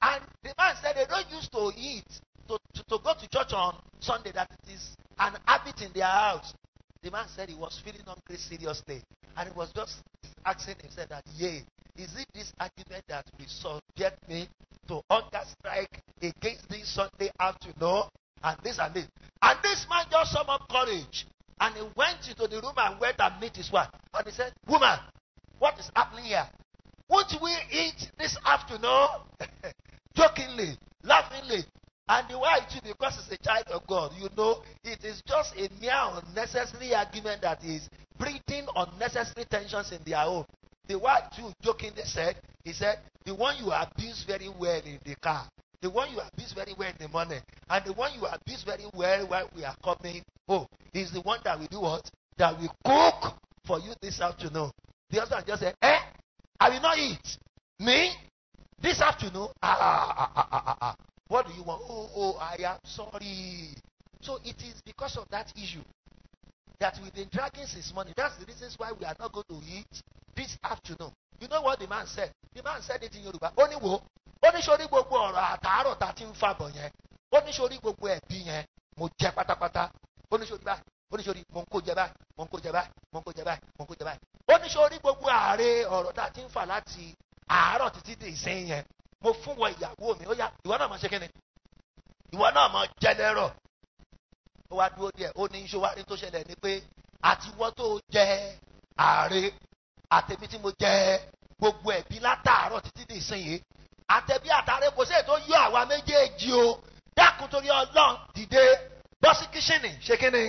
And the man said they don't used to eat to, to, to go to church on Sunday that it is an habit in their house. The man said he was feeling hungry seriously. And he was just asking himself that, yea, is it this argument that will subject me to hunger strike against this Sunday afternoon? And this and this. And this man just summoned courage. And he went into the room and went and met his wife. And he said, Woman, what is happening here? Won't we eat this afternoon? Jokingly, laughingly, and the why too, because it's a child of God, you know, it is just a mere unnecessary argument that is breeding unnecessary tensions in their home. The wife too jokingly said, he said, the one you abuse very well in the car, the one you abuse very well in the morning, and the one you abuse very well while we are coming home is the one that we do what? That we cook for you this afternoon. The husband just said, eh, I will not eat. Me? This afternoon? ah, ah, ah, ah, ah. ah. ah, ah. What do you want? Oh, oh, I am sorry. So it is because of that issue that we've been dragging since morning. That's the reasons why we are not going to eat this afternoon. You know what the man said? The man said it in Yoruba. Ó ní wo? Ó ní sori gbogbo ọ̀rọ̀ àtàárọ̀ tá a ti ń fàbọ̀ yẹn. Ó ní sori gbogbo ẹ̀bí yẹn. Mo jẹ pátápátá. Ó ní sori báyìí. Ó ní sori mo ń kó jẹ báyìí. Mo ń kó jẹ báyìí. Mo ń kó jẹ báyìí. Mo ń kó jẹ báyìí. Ó ní gbogbo ààrẹ ọ̀rọ̀ tá a láti àárọ̀ títí dé ìsẹ́yìn yẹn mo fún wọ ìyàwó mi ó yá ìwọ náà máa ṣe kíni ìwọ náà máa jẹ lẹ́rọ̀ ó wá dúró díẹ̀ ó ní iṣẹ́ wárí tó ṣẹlẹ̀ ni pé àti tó jẹ ààrẹ àtẹ̀mí tí mo jẹ gbogbo ẹ̀bí látàárọ̀ títí di ìsinyìí àtẹ̀bí àtàrẹ kò sí ètò yọ àwa méjèèjì o dákun torí ọlọ́run dìde bọ́sí kíṣìnì ṣe kíni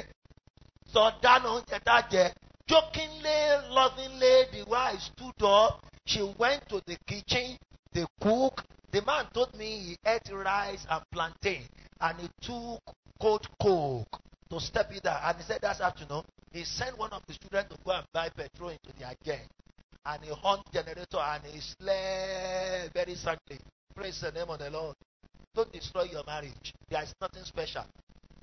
sọ̀dánù oúnjẹ tá a jẹ jokingly lovingly the wife stood up she went to the kitchen the cook, the man told me he ate rice and plantain and he took cold coke to step it out. And he said that's afternoon. He sent one of the students to go and buy petrol into the again, And he hunt generator and he slept very soundly. Praise the name of the Lord. Don't destroy your marriage. There is nothing special.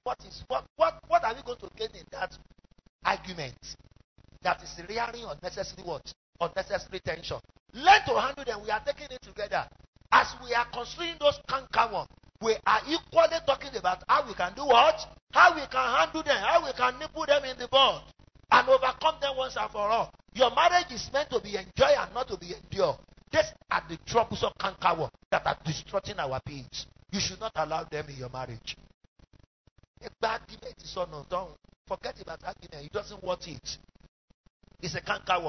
What is what what what are we going to gain in that argument? That is really unnecessary what? unnecessary tension. Learn to handle them. We are taking it together. As we are construing those canker we are equally talking about how we can do what? How we can handle them, how we can nibble them in the bud and overcome them once and for all. Your marriage is meant to be enjoyed and not to be endured. These are the troubles of canker that are destroying our peace. You should not allow them in your marriage. A bad debate is on. Don't forget about argument. It doesn't worth it. It's a canker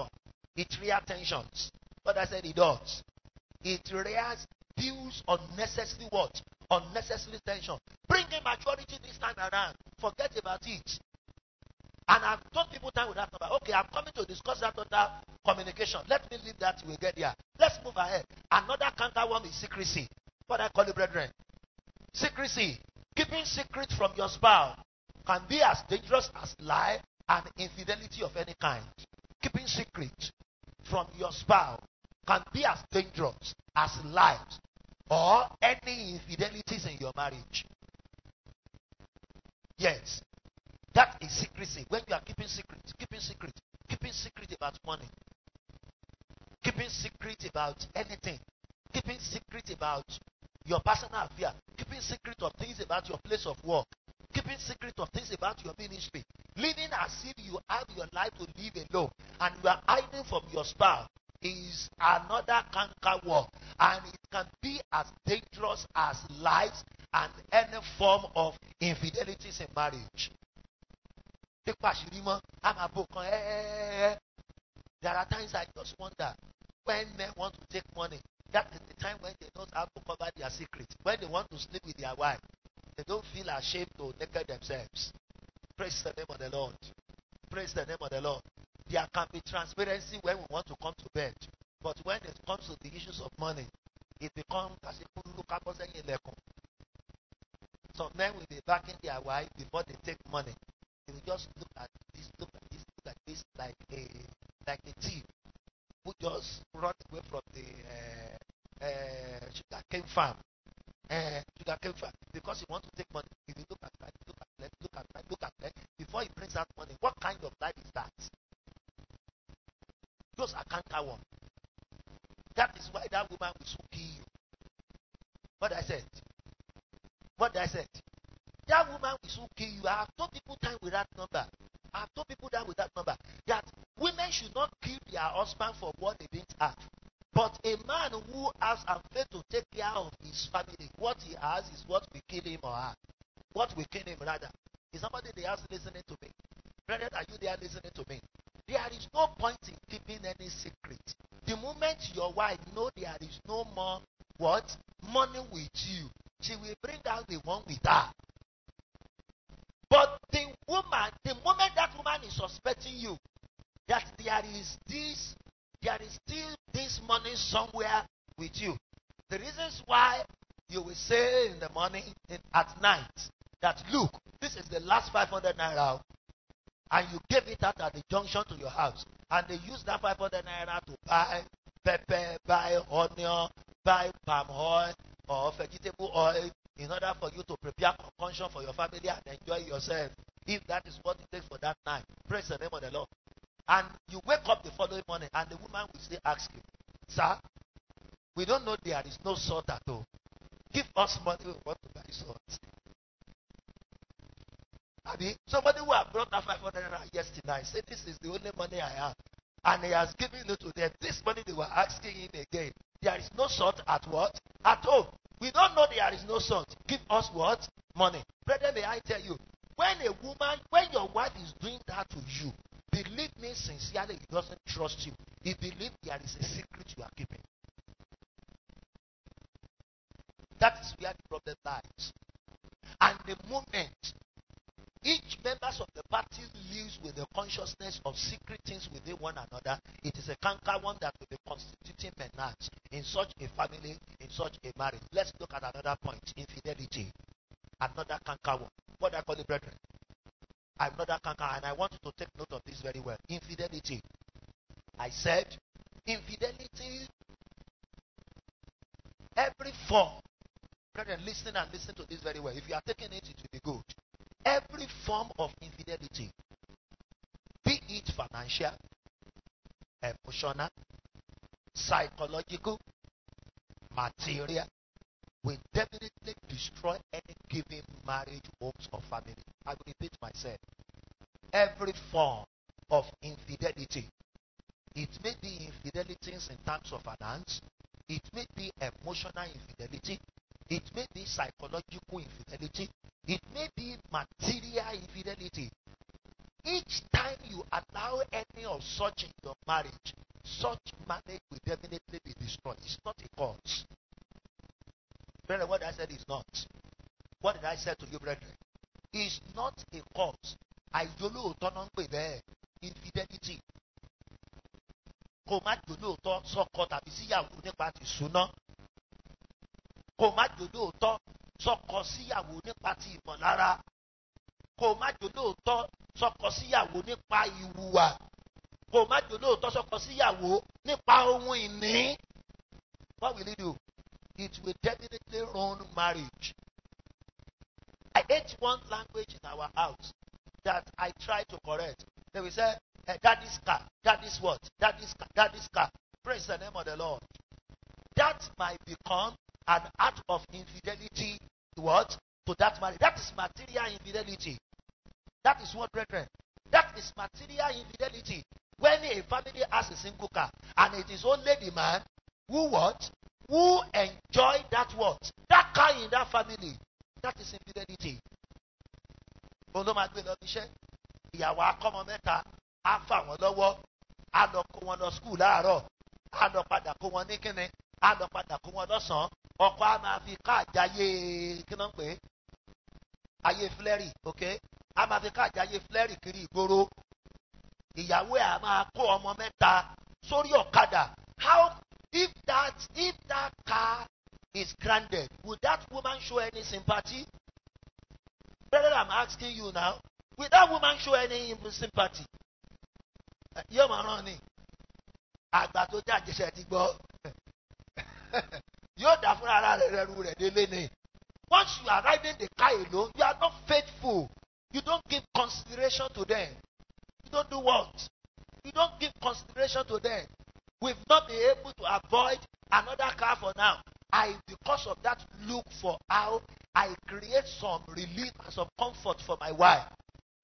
it rears tensions. But I said it does. It rears, builds unnecessary what? Unnecessary tension. Bring in maturity this time around. Forget about it. And I've told people time with that number. Okay, I'm coming to discuss that under communication. Let me leave that. We'll get there. Let's move ahead. Another counter one is secrecy. What I call it, brethren. Secrecy. Keeping secret from your spouse can be as dangerous as lie and infidelity of any kind. Keeping secret from your spouse can be as dangerous as lies or any infidelities in your marriage. Yes, that is secrecy. When you are keeping secret, keeping secret, keeping secret about money, keeping secret about anything, keeping secret about your personal affair, keeping secret of things about your place of work, keeping secret of things about your ministry, Living as if you have your life to live alone and you are hiding from your spouse is another canker war and it can be as dangerous as lies and any form of infidelities in marriage. There are times I just wonder when men want to take money. That is the time when they don't have to cover their secrets. When they want to sleep with their wife, they don't feel ashamed to naked themselves. Praise the name of the Lord. Praise the name of the Lord. There can be transparency when we want to come to bed. But when it comes to the issues of money, it becomes as if look Some men will be backing their wife before they take money. They will just look at this, look at this, look at this like a like a thief who just run away from the uh, uh, sugarcane farm. Uh, sugarcane farm because he wants to take money look at them before he brings out money. What kind of life is that? Those are carry worm. That is why that woman will soon kill you. What I said. What I said. That woman will soon kill you. I have told people time with that number. I have told people that with that number. That women should not kill their husband for what they didn't have. But a man who has a failed to take care of his family, what he has is what will kill him or her. What will kill him rather. Is somebody there listening to me? brother? are you there listening to me? There is no point in keeping any secret. The moment your wife know there is no more what money with you, she will bring out the one with her. But the woman, the moment that woman is suspecting you that there is this, there is still this money somewhere with you. The reasons why you will say in the morning, in, at night, that look, this is the last 500 naira, and you gave it out at the junction to your house, and they used that 500 naira to buy pepper, buy onion, buy palm oil or vegetable oil in order for you to prepare concoction for your family and enjoy yourself. If that is what it takes for that night, praise the name of the Lord. And you wake up the following morning, and the woman will still ask you, Sir, we don't know there is no salt at all. Give us money, we want to buy salt. Abi, somebody who had brought that 500 naira yesterday said, This is the only money I have. And he has given it to them. This money they were asking him again. There is no salt at what? At all. We don't know there is no salt. Give us what? Money. brother? may I tell you, when a woman, when your wife is doing that to you, believe me sincerely, he doesn't trust you. He believes there is a secret you are keeping. That is where the problem lies. And the moment each members of the party lives with the consciousness of secret things within one another. It is a canker one that will be constituting menace in such a family, in such a marriage. Let's look at another point: infidelity. Another canker one. What do I call it, brethren? Another canker, and I want you to take note of this very well. Infidelity. I said, infidelity. Every form Brethren, listen and listen to this very well. If you are taking it, it will be good every form of infidelity, be it financial, emotional, psychological, material, will definitely destroy any given marriage, or family. I will repeat myself. Every form of infidelity, it may be infidelities in terms of finance, it may be emotional infidelity, it may be psychological infidelity. It may be material infidelity. Each time you allow any of such in your marriage, such marriage will definitely be destroyed. It's not a cause. brother. what I said is not. What did I say to you, brethren? It's not a cause. Àìjóló òótọ́ náà ń pè there. infidelity. Kò You see òótọ́ sọ́kọ tàbí síyàwó nípa sooner. kó má jòlóòtọ́ sọkọ síyàwó nípa ti ìmọ̀lára kó má jòlóòtọ́ sọkọ síyàwó nípa ìwùwà kó má jòlóòtọ́ sọkọ síyàwó nípa ohun ìní. What will it do? It will definitely ruin marriage. I hate one language in our house that I try to correct. They will say, hey, that is car, that is what, that is car, that is car. Praise the name of the Lord. That might become an act of infidelity to what to that marriage. That is material infidelity. That is what, brethren. That is material infidelity. When a family has a single car, and it is only the man who what who enjoy that what that car in that family, that is infidelity. Ìyàwó akọ́mọ mẹ́ta á fà wọ́n lọ́wọ́. Á lọ kó wọn lọ skul láàárọ̀. Á lọ padà kó wọn ní kíni. Á lọ padà kó wọn lọ́sàn-án ọkọ̀ a máa fi káàjà ayé kí náà ń ayé flẹ́rì ok a máa fi káàjà ayé flẹ́rì kiri ìgboro ìyàwó a máa kó ọmọ mẹ́ta sórí ọ̀kadà how if that if that car is grounded would that woman show any sympathy? Brother, I'm asking you now. Will that woman show any sympathy? Yóò máa rán ni. Àgbà tó jẹ́ àjẹsẹ̀ ti gbọ́. Once you are riding the car alone, you are not faithful. You don't give consideration to them. You don't do what? You don't give consideration to them. We've not been able to avoid another car for now. I, because of that, look for how I create some relief and some comfort for my wife.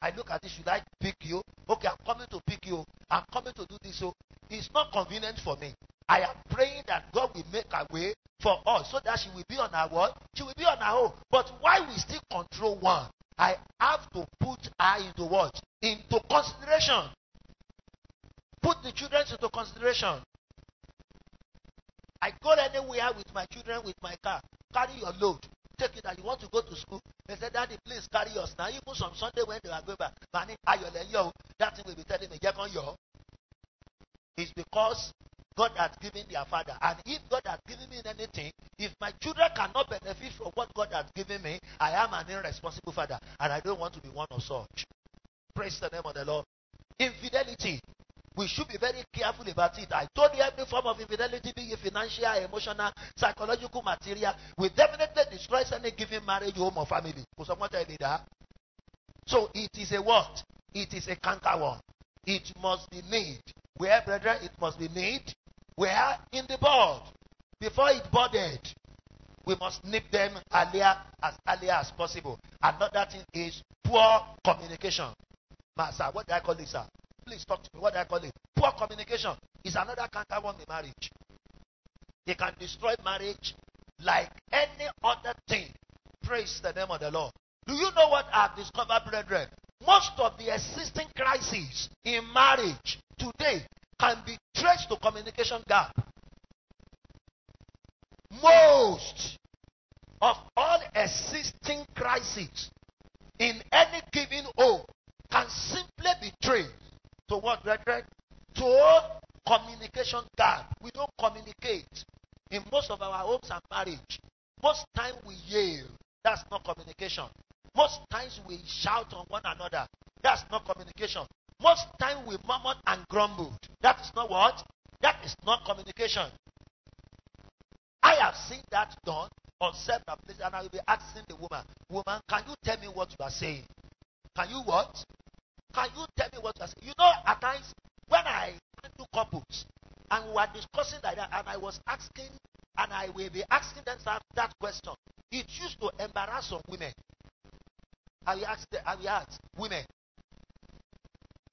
I look at this. should I pick you? Okay, I'm coming to pick you. I'm coming to do this. So it's not convenient for me. I am praying that God will make a way for us so that she will be on our what? She will be on our own. But why we still control one? I have to put her into what? Into consideration. Put the children into consideration. I go anywhere with my children, with my car. Carry your load take it that you want to go to school. They said, Daddy, please carry us. Now, even some Sunday when they are going back, Manny, Ayole, yo, that thing will be telling me, get on yo. It's because God has given their father. And if God has given me anything, if my children cannot benefit from what God has given me, I am an irresponsible father. And I don't want to be one of such. Praise the name of the Lord. Infidelity we should be very careful about it. I told you every form of infidelity, be it financial, emotional, psychological, material, will definitely destroy any given marriage, home, or family. So it is a what? It is a canker one. It must be made. Where, brethren, it must be made. Where? In the board. Before it boarded. We must nip them earlier as earlier as possible. Another thing is poor communication. Master, what do I call this, sir? please talk to me. What do I call it? Poor communication is another cancer one the marriage. It can destroy marriage like any other thing. Praise the name of the Lord. Do you know what I've discovered, brethren? Most of the existing crises in marriage today can be traced to communication gap. Most of all existing crises in any given home can simply be traced to what, brethren? To communication gap. We don't communicate in most of our homes and marriage. Most time we yell. That's not communication. Most times we shout on one another. That's not communication. Most time we murmur and grumbled. That is not what? That is not communication. I have seen that done on several places, and I will be asking the woman, Woman, can you tell me what you are saying? Can you what? Can you tell me what you are saying? You know, at times when I do couples and we were discussing that, and I was asking, and I will be asking them that, question, it used to embarrass some women. I will ask, I will ask women,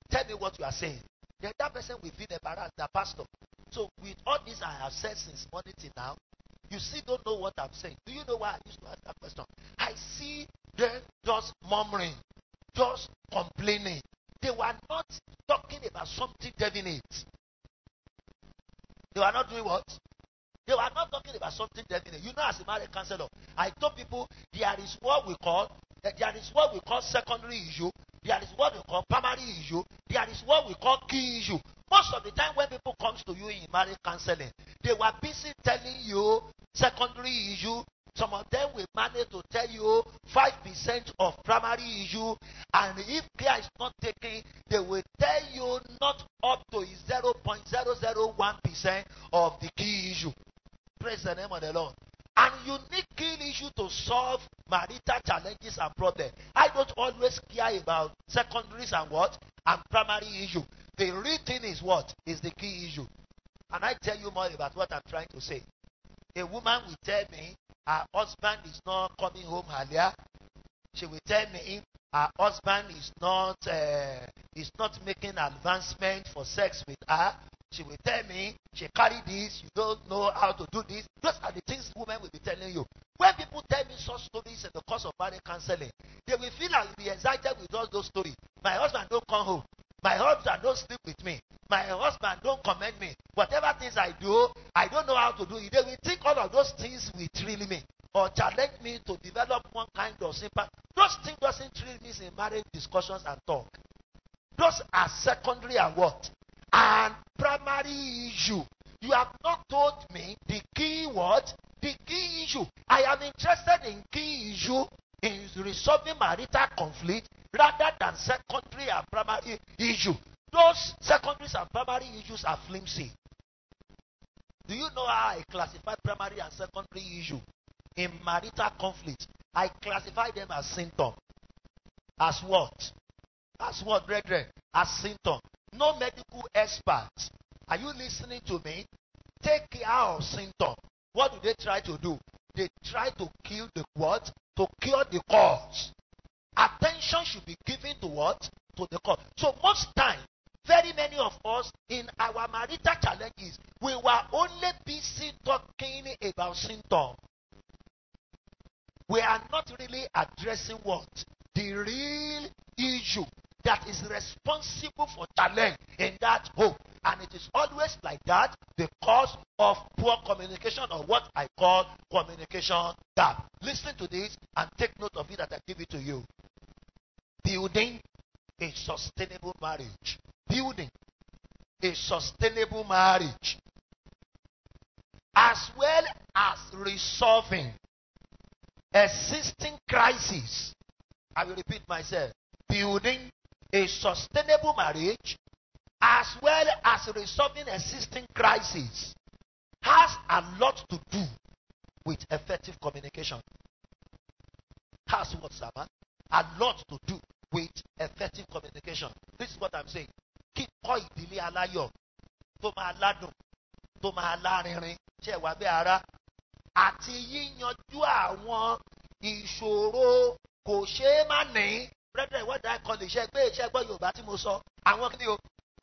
tell me what you are saying. Then that person will feel embarrassed, the pastor. So with all this I have said since morning till now, you still don't know what I'm saying. Do you know why I used to ask that question? I see them just murmuring just complaining. They were not talking about something definite. They were not doing what? They were not talking about something definite. You know, as a marriage counselor, I told people there is what we call there is what we call secondary issue, there is what we call primary issue, there is what we call key issue. Most of the time when people comes to you in marriage counseling, they were busy telling you secondary issue, some of them will manage to tell you 5% of primary issue, and if care is not taken, they will tell you not up to 0.001% of the key issue. Praise the name of the Lord. And you need key issue to solve marital challenges and problems. I don't always care about secondaries and what? And primary issue. The real thing is what? Is the key issue. And I tell you more about what I'm trying to say. A woman will tell me her husband is not coming home earlier. She will tell me her husband is not uh, is not making advancement for sex with her. She will tell me she carry this. You don't know how to do this. Those are the things women will be telling you. When people tell me such stories in the course of marriage counseling, they will feel like be excited with all those stories. My husband don't come home. My husband don't sleep with me. My husband don't commend me. Whatever things I do, I don't know how to do it. They will think all of those things will thrill me or challenge me to develop one kind of sympathy. Those things doesn't thrill me in marriage discussions and talk. Those are secondary and what? And primary issue. You have not told me the key word, the key issue. I am interested in key issue in resolving marital conflict rather than secondary and primary issue. Those secondary and primary issues are flimsy. Do you know how I classify primary and secondary issue in marital conflict? I classify them as symptom. As what? As what, brethren? As symptom. No medical experts. Are you listening to me? Take care of symptom. What do they try to do? they try to kill the what? To cure the cause. Attention should be given to what? To the cause. So most time, very many of us in our marital challenges, we were only busy talking about symptoms. We are not really addressing what? The real issue that is responsible for challenge in that home. And it is always like that the cause of poor communication or what I call communication gap. Listen to this and take note of it that I give it to you. Building a sustainable marriage. Building a sustainable marriage. As well as resolving existing crises. I will repeat myself. Building a sustainable marriage as well as resolving existing crises has a lot to do with effective communication. Has what, Sama? A lot to do with effective communication. This is what I'm saying. Kíkọ́ ìdílé aláyọ̀ tó máa ládùn tó máa lárinrin tí ẹ̀ wá bí ara àti yíyanjú àwọn ìṣòro kò ṣeé má ní brethren what I call The pé iṣẹ́ gbọ́ yorùbá tí mo sọ àwọn kí ni o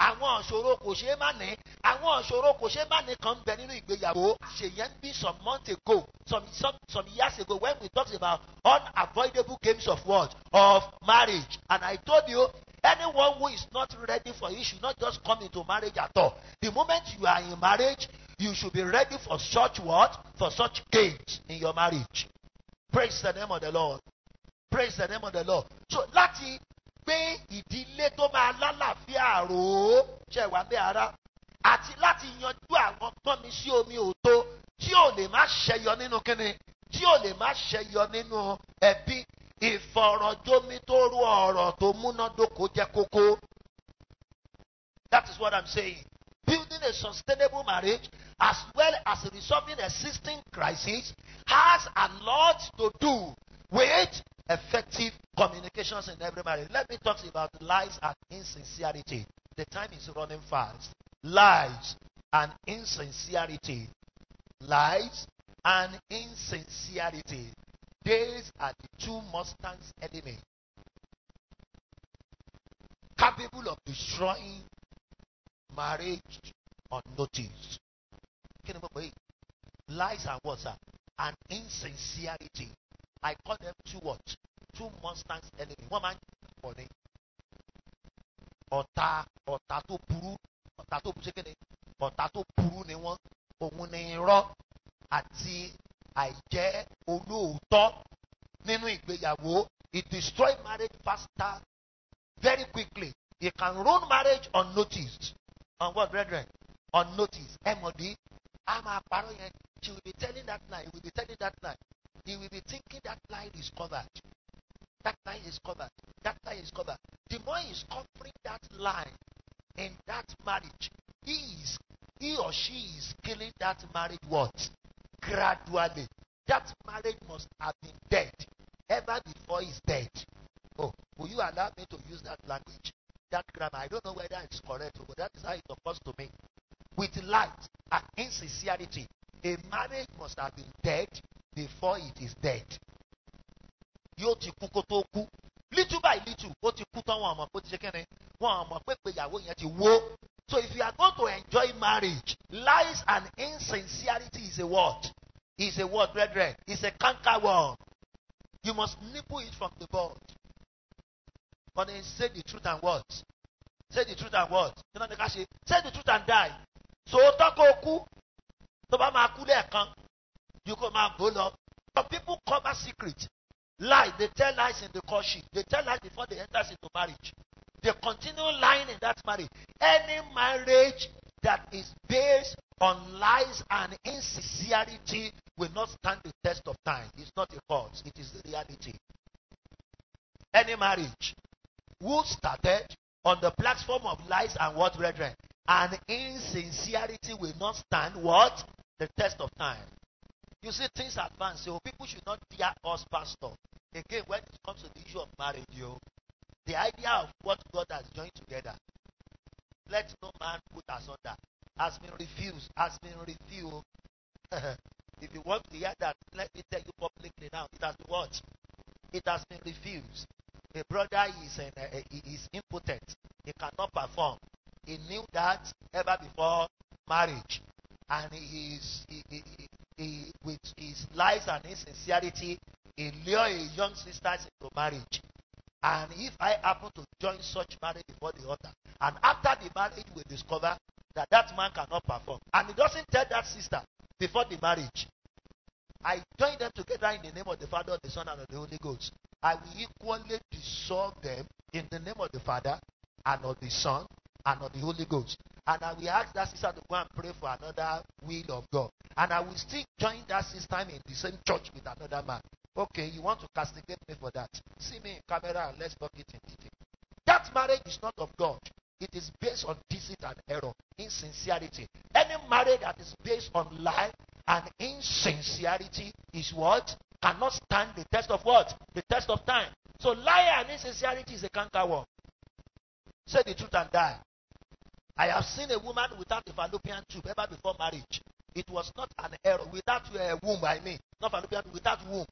àwọn ìṣòro kò ṣeé má ní àwọn ìṣòro kò ṣeé má ní kan bẹ nínú ìgbéyàwó ṣèyẹn bí some months ago some some some years ago when we talked about unavoidable games of what of marriage and I told you anyone who is not ready for it should not just come into marriage at all the moment you are in marriage you should be ready for such what for such games in your marriage praise the name of the Lord praise the name of the lord so láti gbé ìdílé tó máa lálàáfíà rò ó ṣe wà ní ara àti láti yanjú àwọn gbọ́nmi sí omi òtó tí ò lè má ṣẹyọ nínú kínni tí ò lè má ṣẹyọ nínú ẹbí ìfọ̀rọ̀jomi tó rú ọ̀rọ̀ tó múnádóko jẹ́ kókó. That is what I'm saying. Building a sustainable marriage as well as resolving existing crises has a lot to do with effective communications in every marriage. Let me talk about lies and insincerity. The time is running fast. Lies and insincerity. Lies and insincerity. These are the two Mustang's enemies capable of destroying marriage unnoticed. Lies and what's that? And insincerity. I call them two what? Two monsters enemy. Wọ́n máa ń kọ̀ ní ọ̀tá ọ̀tá tó burú ọ̀tá tó burú ṣékéde ọ̀tá tó burú ni wọ́n òun ni irọ́ àti àìjẹ́ olóòótọ́ nínú ìgbéyàwó it destroy marriage faster very quickly it can ruin marriage unnoticed on what brethren unnoticed ẹ mọ̀ bí a máa parọ́ yẹn she will be telling that night. he will be telling that night. He will be thinking that line is covered. That line is covered. That line is covered. The more he is covering that line in that marriage, he is he or she is killing that marriage what? Gradually. That marriage must have been dead ever before it's dead. Oh, will you allow me to use that language? That grammar. I don't know whether it's correct, but that is how it occurs to me. With light and insincerity, a marriage must have been dead before it is dead. Yóò ti kú kó tó kú. Little by little, ó ti kú tán wọn àmọ̀ pé ó ti ṣe kẹ́rin. Wọn àmọ̀ pé pé ìyàwó yẹn ti wó. So if you are going to enjoy marriage, lies and insincerity is a word. It's a word, brethren. It's a canker word. You must nipple it from the bud. But then say the truth and what? Say the truth and what? You know the Say the truth and die. So talk oku. Tó bá máa kú lẹ́ẹ̀kan. You come and bull up. Some people cover secret. Lie. They tell lies in the courtship. They tell lies before they enter into marriage. They continue lying in that marriage. Any marriage that is based on lies and insincerity will not stand the test of time. It's not a cause, it is the reality. Any marriage who started on the platform of lies and what, brethren? And insincerity will not stand what? The test of time. You see, things advance. So people should not fear us, pastor. Again, when it comes to the issue of marriage, the idea of what God has joined together, let no man put asunder, has been refused, has been refused. if you want to hear that, let me tell you publicly now. It has been what? It has been refused. A brother is an, uh, eh, eh, is impotent. He cannot perform. He knew that ever before marriage, and he is he, he, he, he, with his lies and insincerity, he lure his young sisters into marriage. And if I happen to join such marriage before the other, and after the marriage, we discover that that man cannot perform. And he doesn't tell that sister before the marriage. I join them together in the name of the Father, the Son, and of the Holy Ghost. I will equally dissolve them in the name of the Father, and of the Son, and of the Holy Ghost and I will ask that sister to go and pray for another will of God. And I will still join that sister in the same church with another man. Okay, you want to castigate me for that? See me in camera and let's talk it in detail. That marriage is not of God. It is based on deceit and error, insincerity. Any marriage that is based on lie and insincerity is what? Cannot stand the test of what? The test of time. So lie and insincerity is a canker one. Say the truth and die. I have seen a woman without a fallopian tube ever before marriage. It was not an error. Without a uh, womb, I mean. Not fallopian without womb.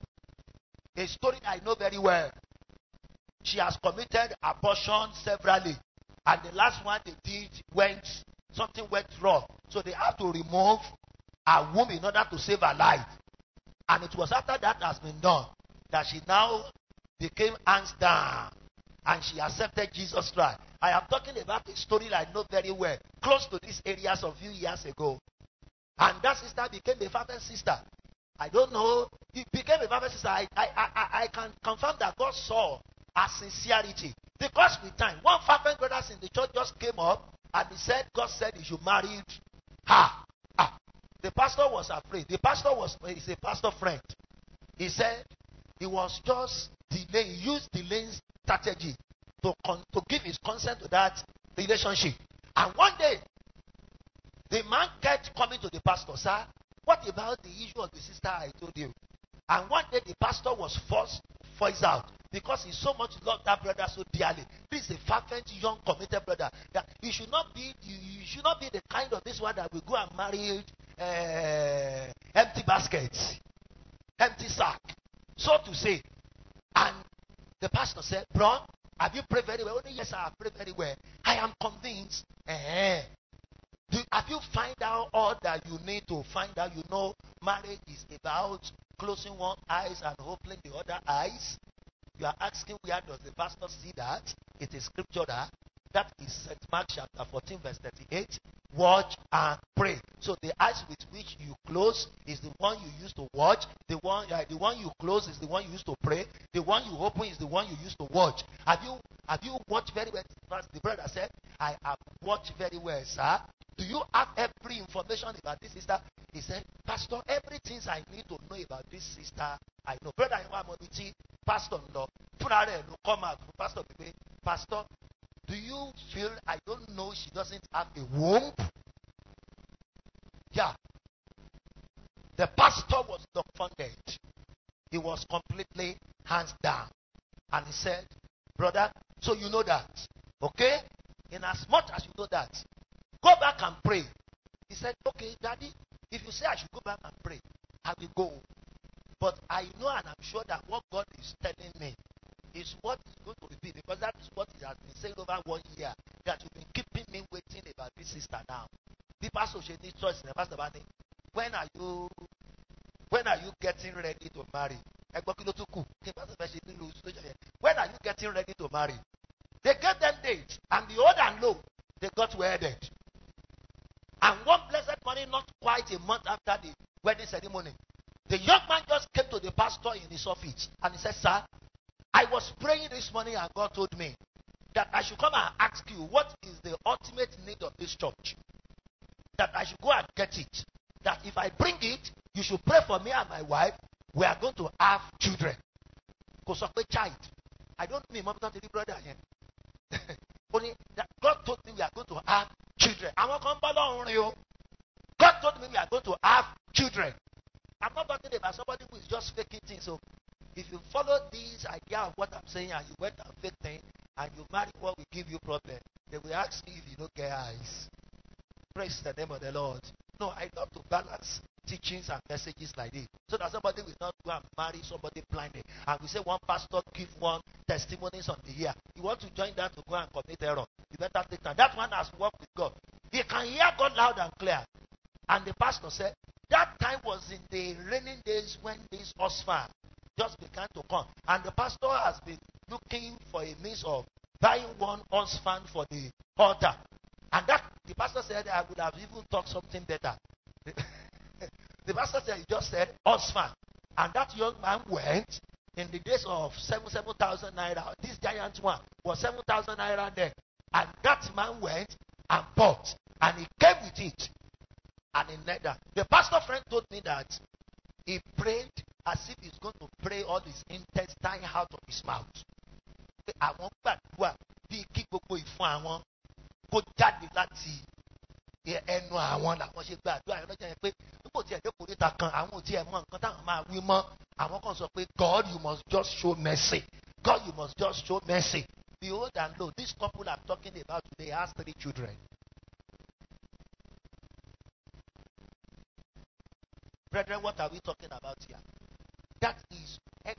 A story I know very well. She has committed abortion severally. And the last one they did went, something went wrong. So they have to remove her womb in order to save her life. And it was after that has been done that she now became hands down and she accepted Jesus Christ. I am talking about a story I know very well, close to these areas a few years ago. And that sister became a fervent sister. I don't know. It became a fervent sister. I, I, I, I can confirm that God saw her sincerity. Because with time, one fervent brother in the church just came up and he said, God said you should marry her. ah. The pastor was afraid. The pastor was, he's a pastor friend. He said, he was just delay, used delaying strategy to, con- to give his consent to that relationship. And one day, the man kept coming to the pastor, sir, what about the issue of the sister I told you? And one day the pastor was forced to voice out because he so much loved that brother so dearly. This is a fervent, young, committed brother. That you should not be, you, you, should not be the kind of this one that will go and marry uh, empty baskets, empty sack. So to say, and the pastor said, Bro, have you prayed very well? Only yes, I have prayed very well. I am convinced. Eh, do, have you find out all that you need to find out? You know, marriage is about closing one eyes and opening the other eyes. You are asking where does the pastor see that? It is scripture that that is St. Mark chapter 14, verse 38. Watch and pray. So the eyes with which you close is the one you used to watch. The one, uh, the one you close is the one you used to pray. The one you open is the one you used to watch. Have you, have you watched very well? The brother said, I have watched very well, sir. Do you have every information about this sister? He said, Pastor, everything I need to know about this sister, I know. Brother, I want to see Pastor, no. Pastor, Pastor, do you feel I don't know she doesn't have a womb? Yeah. The pastor was dumbfounded. He was completely hands down. And he said, Brother, so you know that. Okay? In as much as you know that, go back and pray. He said, Okay, Daddy, if you say I should go back and pray, I will go. But I know and I'm sure that what God is telling me is what is going to be because that is what he has been saying over one year that you've been keeping me waiting about this sister now. The pastor should need choice in the pastor When are you when are you getting ready to marry? When are you getting ready to marry? They gave them dates and the old and low they got wedded. And one blessed morning, not quite a month after the wedding ceremony, the young man just came to the pastor in his office and he said, Sir, I was praying this morning and God told me that I should come and ask you what is the ultimate need of this church. That I should go and get it. That if I bring it, you should pray for me and my wife. We are going to have children. Because of a child. I don't mean mom not brother yet. Only that God told me we are going to have children. I am not come you. God told me we are going to have children. I'm not talking about somebody who is just faking things. So if you follow this idea of what I'm saying and you went and fake things and you marry what will give you problem, they will ask me if you don't get eyes. Praise the name of the Lord. No, I love to balance teachings and messages like this so that somebody will not go and marry somebody blindly. And we say one pastor give one testimonies on the year. You want to join that to go and commit error. You better take time. That one has worked with God. He can hear God loud and clear. And the pastor said, that time was in the raining days when this Osman just began to come. And the pastor has been looking for a means of buying one horse fan for the altar. And that the pastor said, I would have even talked something better. the pastor said, he just said, horse fan. And that young man went in the days of 7, 7,000 naira. This giant one was 7,000 naira then. And that man went and bought. And he came with it. And he led down. The pastor friend told me that he prayed as if he's going to pray all his intestine out of his mouth. pé àwọn gbàdúrà bíi kí gbogbo ìfun àwọn kó jáde láti ẹnu àwọn làwọn ṣe gbàdúrà yẹn lọ́jọ́ yẹn pé nípò tí ẹ̀jẹ̀ kò níta kan àwọn ò tí ẹ̀ mọ nǹkan táwọn máa wí mọ́ àwọn kan sọ pé God you must just show mercy God you must just show mercy behold and lo this couple I'm talking about today has three children. Brethren, what are we talking about here? that is and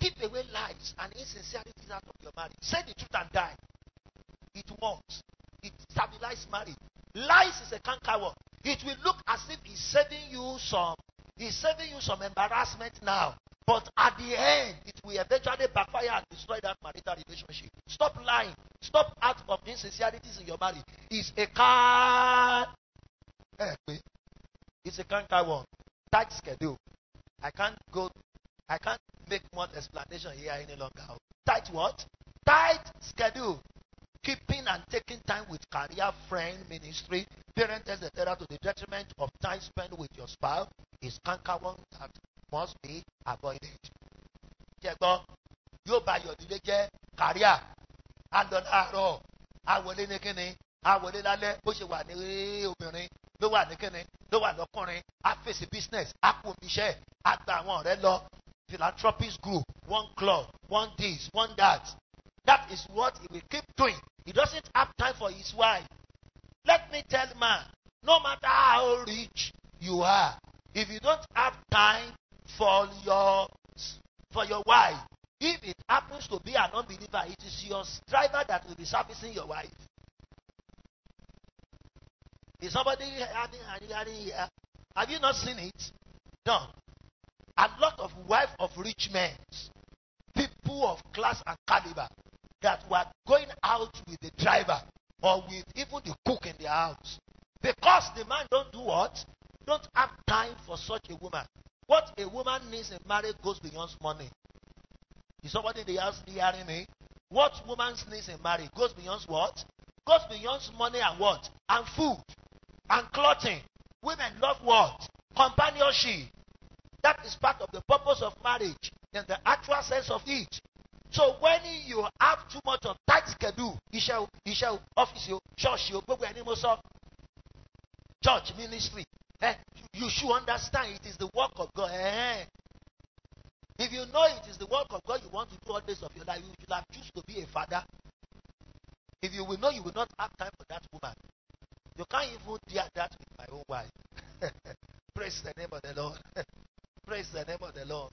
keep away lies and insincerities out of your marriage. Say the truth and die. It won't. It stabilizes marriage. Lies is a cankerworm. It will look as if it's saving you some it's saving you some embarrassment now. But at the end, it will eventually backfire and destroy that marital relationship. Stop lying. Stop out of insincerities in your marriage. It's a car. Eh, it's a canker one. Tight schedule. I can't go I can't make much explanation here any longer. Tight what? Tight schedule. Keeping and taking time with career, friend, ministry, parent, etc. to the detriment of time spent with your spouse is canker one that must be avoided. Jẹ́gbọ́ yóò ba your delay jẹ́ career. Àlọ́ láàárọ̀ àwọlé ní kíni àwọlé lálẹ́ bó ṣe wà ní obìnrin ló wà ní kíni ló wà lọ́kùnrin á fèsì business á kú omi iṣẹ́ á gba àwọn ọ̀rẹ́ lọ philanthropist group, one club, one this, one that. That is what he will keep doing. He doesn't have time for his wife. Let me tell man, no matter how rich you are, if you don't have time for your for your wife, if it happens to be an unbeliever, it is your driver that will be servicing your wife. Is somebody having an here? Uh, have you not seen it? No. A lot of wife of rich men, people of class and caliber that were going out with the driver or with even the cook in the house. Because the man don't do what? Don't have time for such a woman. What a woman needs in marriage goes beyond money. Is somebody in the house hearing me? What woman needs in marriage goes beyond what? Goes beyond money and what? And food. And clothing. Women love what? Companionship. That is part of the purpose of marriage in the actual sense of it. So when you have too much of tight schedule, you shall, you shall office you, church you, go animals of church ministry. Eh? You should understand it is the work of God. Eh? If you know it is the work of God you want to do all this of your life, you should have choose to be a father. If you will know, you will not have time for that woman. You can't even deal that with my own wife. Praise the name of the Lord. Praise the name of the Lord.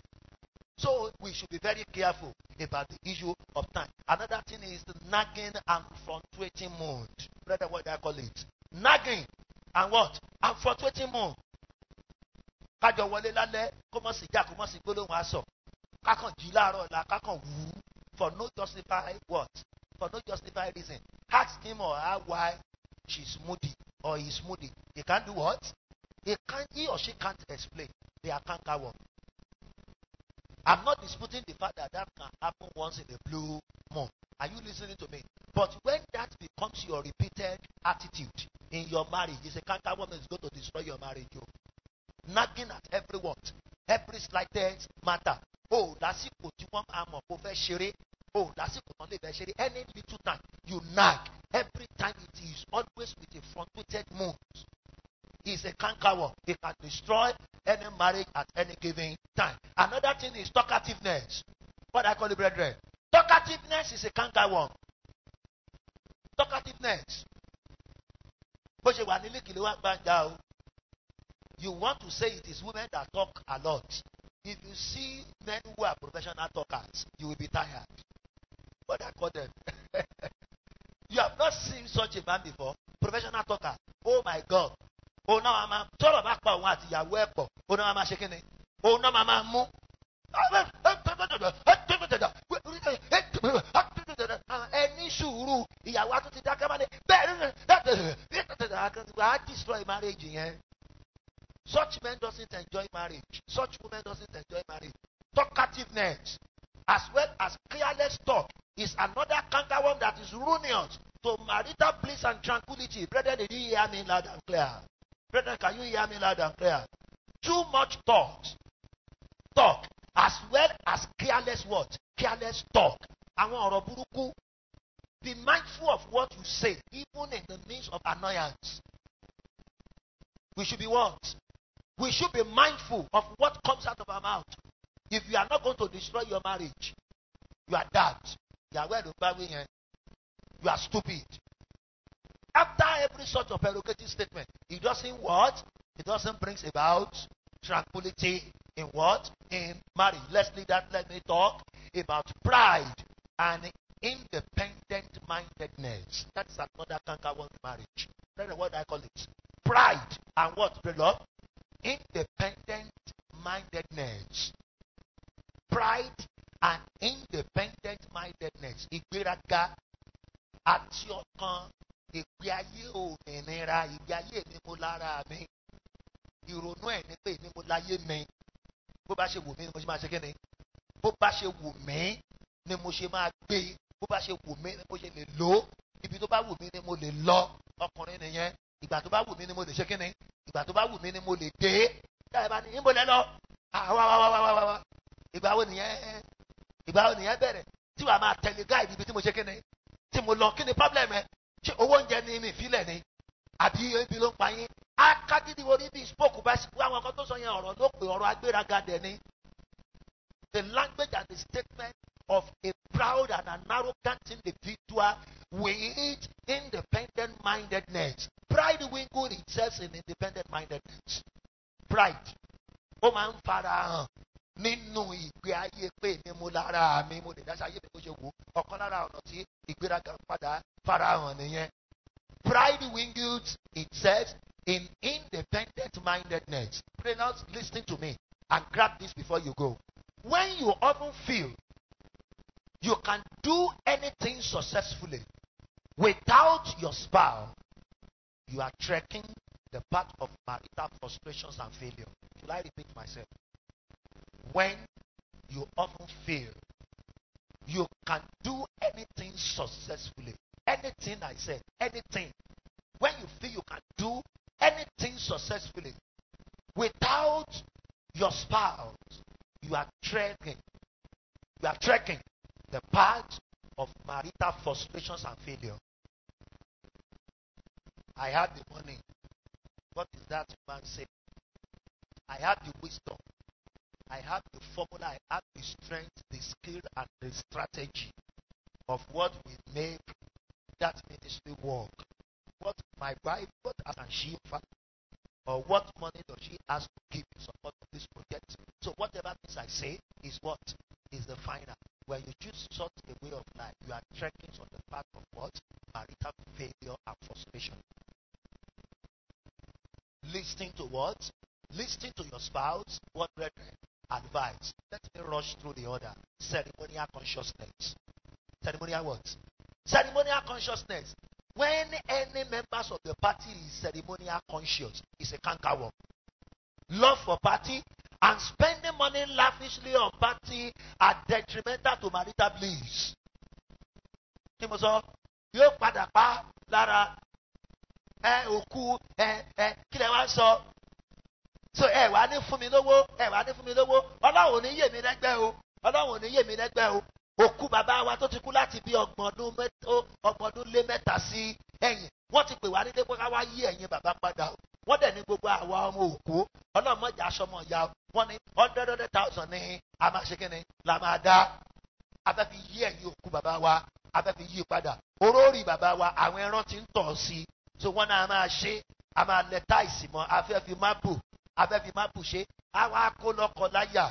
So we should be very careful about the issue of time. Another thing is the nagging and frustrating mood. Brother, what do I call it? Nagging and what? And frustrating mood. kájọ wọlé lálẹ́ kó mọ̀ sí ìjà kó mọ̀ sí gbólóhùn aṣọ kákan jí láàárọ̀ ọ̀la kákan wù ú for no justify what for no justify reason ask him or her why she's moody or he's moody they can do what he can't, he or she can't explain. They are cankerworm. I'm not disputing the fact that that can happen once in a blue moon. Are you listening to me? But when that becomes your repeated attitude in your marriage, it's a woman is going to destroy your marriage. You oh. nagging at every every slightest matter. Oh, that's it. You I'm over professional. Oh, that's it. Only sherry. Any little time you nag. Every time it is always with a front-footed He's a cankerworm. He can destroy any marriage at any given time. Another thing is talkativeness. What I call it, brethren. Talkativeness is a cankerworm. Talkativeness. You want to say it is women that talk a lot. If you see men who are professional talkers, you will be tired. What I call them. you have not seen such a man before. Professional talker. Oh my God. òun náà máa tọrọ bá pa òun àti ìyàwó ẹ̀ pọ̀ òun náà máa ṣe kí ni òun náà máa mú. ẹni sùúrù ìyàwó àtúntì dákẹ́ máa ní bẹ́ẹ̀ ni a destroy marriage yẹn. Such men doesn't enjoy marriage. Such women doesn't enjoy marriage. Talkativeness as well as careless talk is another canker worm that is ruinous to marital bliss and tranquility. Brethren, did you hear me loud and clear? Brethren, can you hear me loud and clear? Too much talk, talk, as well as careless what? Careless talk. Be mindful of what you say, even in the midst of annoyance. We should be what? We should be mindful of what comes out of our mouth. If you are not going to destroy your marriage, you are dead. You are where well You are stupid. After every sort of prerogative statement, it doesn't what? It doesn't bring about tranquility in what? In marriage. Let's leave that. Let me talk about pride and independent mindedness. That's another canker one marriage. That's what I call it. Pride and what, brother? Independent mindedness. Pride and independent mindedness. ìgbé ayé òmìnira ìgbé ayé mi mo lára mi ìrònú ẹ̀ ni pé ni mo láyé mi bó bá ṣe wù mí ni mo ṣe máa ṣe kíni bó bá ṣe wù mí ni mo ṣe máa gbé bó bá ṣe wù mí ni mo ṣe lè lò ó ibi tó bá wù mí ni mo lè lọ ọkùnrin nìyẹn ìgbà tó bá wù mí ni mo lè ṣe kíni ìgbà tó bá wù mí ni mo lè dé táyà bá ní níbo lẹ lọ àwa wa wa wa wa wa ìgbà wo nìyẹn ìgbà wo nìyẹn bẹ̀rẹ̀ tí wàá máa tẹ̀lé gáàdì ibi tí mo ṣe kíni tí mo lọ kíni pọ́blẹ̀mù ẹ ṣé owó oúnjẹ ni mi ni àbí ló ń pa yín akadidi spoke bá sí àwọn tó sọ yẹn ọ̀rọ̀ ló pè ọ̀rọ̀ agbéraga dẹ̀ ni the language and the statement of a proud and an arrogant individual with independent mindedness pride wingled itself in independent mindedness pride ó máa ń fara hàn nínú ìgbé ayé pé mo lára mi mo lè ayé mi ṣe ọ̀kan lára ọ̀nà tí ìgbéraga ń padà farahàn nìyẹn. Pride wingles itself in independent mindedness. Pray now, listen to me and grab this before you go. When you often feel you can do anything successfully without your spouse, you are trekking the path of marital frustrations and failure. Should I repeat myself? when you often fail, you can do anything successfully. Anything I said, anything. When you feel you can do anything successfully without your spouse, you are trekking. You are trekking the path of marital frustrations and failure. I had the money. What is that man saying? I had the wisdom. I have the formula, I have the strength, the skill, and the strategy of what will make that ministry work. What my wife, what has she offer? Or what money does she ask to give in support of this project? So whatever things I say is what is the final. When you choose such a way of life, you are trekking on the path of what? Marital failure and frustration. Listening to what? Listening to your spouse, what brethren? advice. Let me rush through the order. Ceremonial consciousness. Ceremonial what? Ceremonial consciousness. When any members of the party is ceremonial conscious, it's a canker Love for party and spending money lavishly on party are detrimental to marital bliss. Kí mo sọ? Yóò padà pa lára ẹ òkú ẹ ẹ kí wá sọ so ẹ wá ní fún mi lówó ẹ wá ní fún mi lówó ọlọ́run ní yèmí lẹ́gbẹ́ o ọlọ́run ní yèmí lẹ́gbẹ́ o òkú bàbá wa tó ti kú láti bí ọgbọ̀n ọdún lé mẹ́ta sí ẹ̀yìn wọ́n ti pè wá nílé pé ká wá yí ẹ̀yìn bàbá padà o wọ́n dẹ̀ ní gbogbo àwa ọmọ òkú ọlọ́mọdé aṣọmọ ìyá wọn ní hundred hundred thousand ní àmàṣekínni la máa dá abẹ́fi yí ẹ̀yìn òkú bàbá wa abẹ́fi yí padà orórì bàbá wa àwọn ẹran ti ń tọ̀ sí i so wọ́n náà máa ṣe a máa lẹ táìsì mọ́ afẹ́fi afẹ́fi máàpù ṣe àwa kó lọ́kọ̀ láyà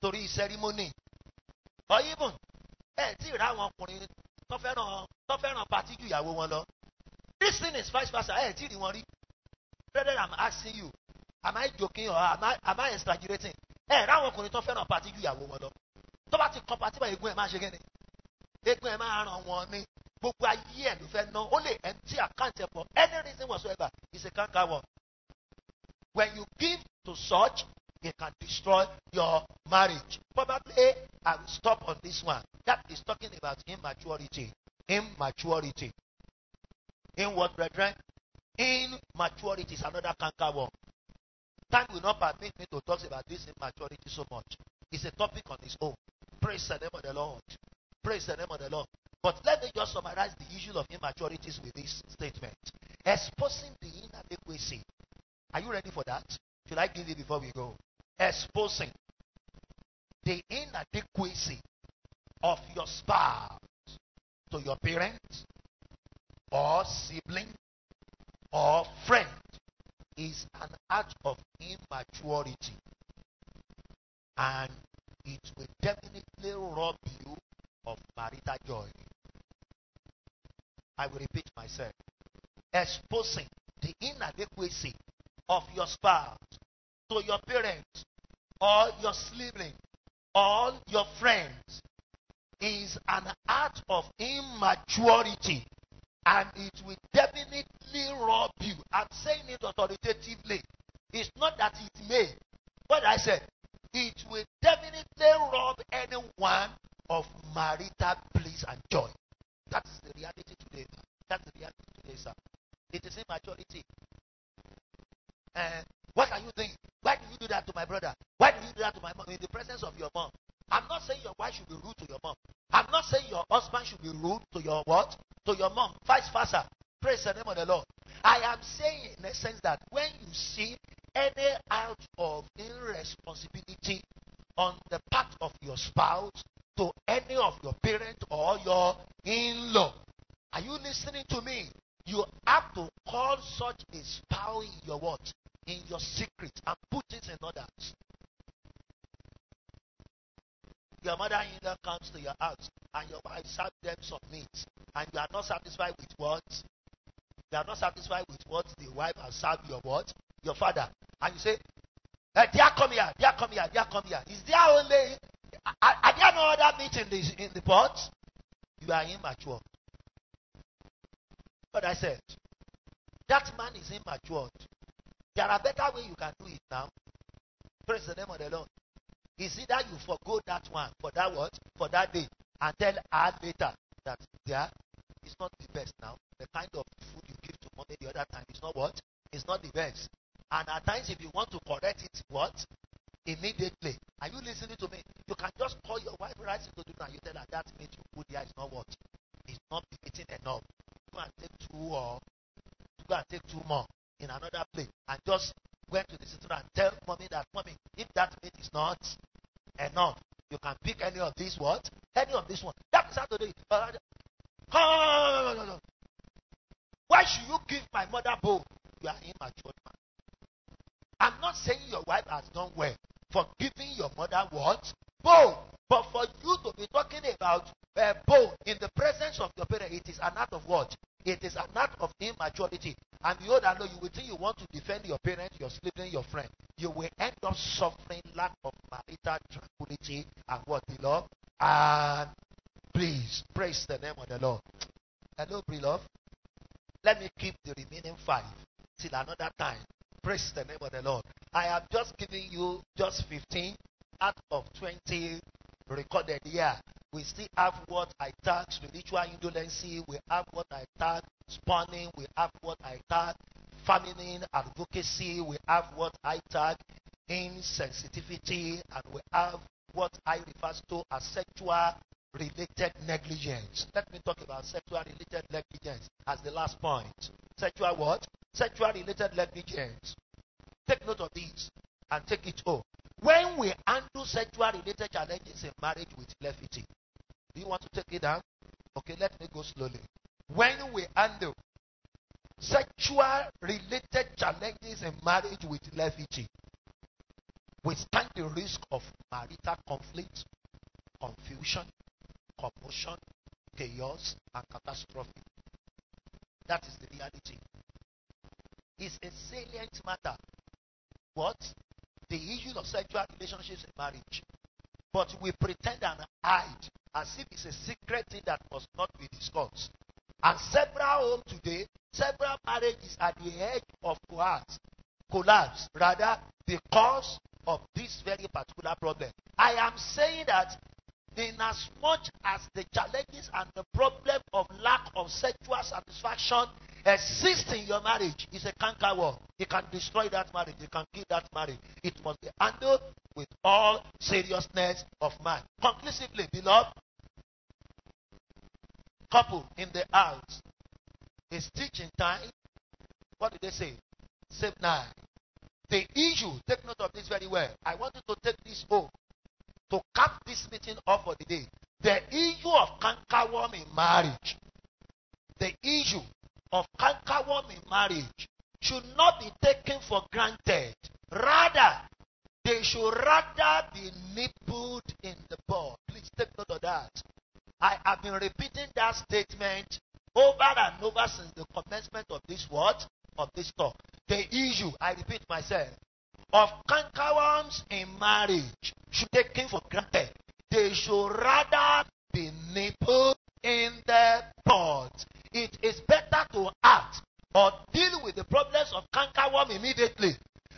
torí sẹ́rímónì ọ̀yìnbùn ẹ̀ tí ì rá àwọn ọkùnrin tó fẹ́ràn tó fẹ́ràn pàtí ju ìyàwó wọn lọ this thing is vice versa ẹ̀ tí ì rí wọn rí brother i'm asking you am i joking or am i am i exaggerating ẹ ráwọn ọkùnrin tó fẹ́ràn pàtí ju ìyàwó wọn lọ tó bá ti kọ pàtí bá egun ẹ̀ máa ṣe kí ni egun ẹ̀ máa ràn wọ́n ní gbogbo ayé ẹ̀ ló fẹ́ ná ó lè empty account ẹ̀ for any reason whatsoever is a kankan When you give to such, it can destroy your marriage. Probably I will stop on this one. That is talking about immaturity. Immaturity. In what, brethren? Immaturity is another canker one. Time will not permit me to talk about this immaturity so much. It's a topic on its own. Praise the name of the Lord. Praise the name of the Lord. But let me just summarize the issue of immaturities with this statement exposing the inadequacy. Are you ready for that? Should I give it before we go? Exposing the inadequacy of your spouse to your parents or sibling or friend is an act of immaturity and it will definitely rob you of marital joy. I will repeat myself. Exposing the inadequacy of your spouse to your parents or your sibling or your friends is an act of immaturity and it will definitely rob you. I'm saying it authoritatively. It's not that it may, but I said it will definitely rob anyone of marital bliss and joy. That's the reality today. That's the reality today, sir. It is immaturity. And what are you thinking? Why did you do that to my brother? Why did you do that to my mom? In the presence of your mom. I'm not saying your wife should be rude to your mom. I'm not saying your husband should be rude to your what? To your mom. Vice versa. Praise the name of the Lord. I am saying in a sense that when you see any out of irresponsibility on the part of your spouse, to any of your parents or your in law. Are you listening to me? You have to call such a spouse in your what? In your secret and put it in others. Your mother in law comes to your house and your wife serves them meat, and you are not satisfied with what? You are not satisfied with what the wife has served your what? Your father. And you say, Hey, dear, come here, dear, come here, dear, come here. Is there only are, are there no other meat in the, in the pot? You are immature. But I said, that man is immature. There are better way you can do it now. Praise the name of the Lord. Is that you forego that one for that what? For that day. And tell her later that there is not the best now. The kind of food you give to mommy the other time is not what? It's not the best. And at times, if you want to correct it, what? immediately. Are you listening to me? You can just call your wife right into dinner and you tell her that means you put there is not what? It's not eating enough. Go and take two or go and take two more in another plate and just went to the sitting and tell mommy that mommy, if that meat is not enough, you can pick any of these what? Any of this one. That is how Uh, oh, no, no, no. Why should you give my mother bowl? You are immature I'm not saying your wife has done well. For giving your mother what? Bone. But for you to be talking about uh, bone in the presence of your parent, it is an act of what? It is an act of immaturity. And you that you will think you want to defend your parents, your sibling, your friend. You will end up suffering lack of marital tranquility and what the Lord. And please praise the name of the Lord. Hello, beloved. Let me keep the remaining five till another time. Praise the name of the Lord. I have just given you just 15 out of 20 recorded here. We still have what I tag spiritual indolency. We have what I tag spawning. We have what I tag feminine advocacy. We have what I tag insensitivity. And we have what I refer to as sexual related negligence. Let me talk about sexual related negligence as the last point. Sexual what? Sexual related negligence. Take note of this and take it home. When we handle sexual related challenges in marriage with levity, do you want to take it down? Okay, let me go slowly. When we handle sexual related challenges in marriage with levity, we stand the risk of marital conflict, confusion, commotion, chaos, and catastrophe. That is the reality. It's a salient matter what? The issues of sexual relationships and marriage. But we pretend and hide as if it's a secret thing that must not be discussed. And several homes today, several marriages at the edge of collapse, collapse rather because of this very particular problem. I am saying that Inasmuch as the challenges and the problem of lack of sexual satisfaction exists in your marriage, it's a canker war. It can destroy that marriage. It can kill that marriage. It must be handled with all seriousness of mind. Conclusively, beloved, couple in the house is teaching time. What did they say? Save nine. The issue, take note of this very well. I want you to take this home to cap this meeting off for the day, the issue of cankerworm in marriage, the issue of cankerworm in marriage should not be taken for granted. Rather, they should rather be nibbled in the bud. Please take note of that. I have been repeating that statement over and over since the commencement of this what? Of this talk. The issue, I repeat myself, of cankerworms in marriage should be taken for granted. They should rather be nippled in the bud. It is better to act or deal with the problems of cankerworm immediately.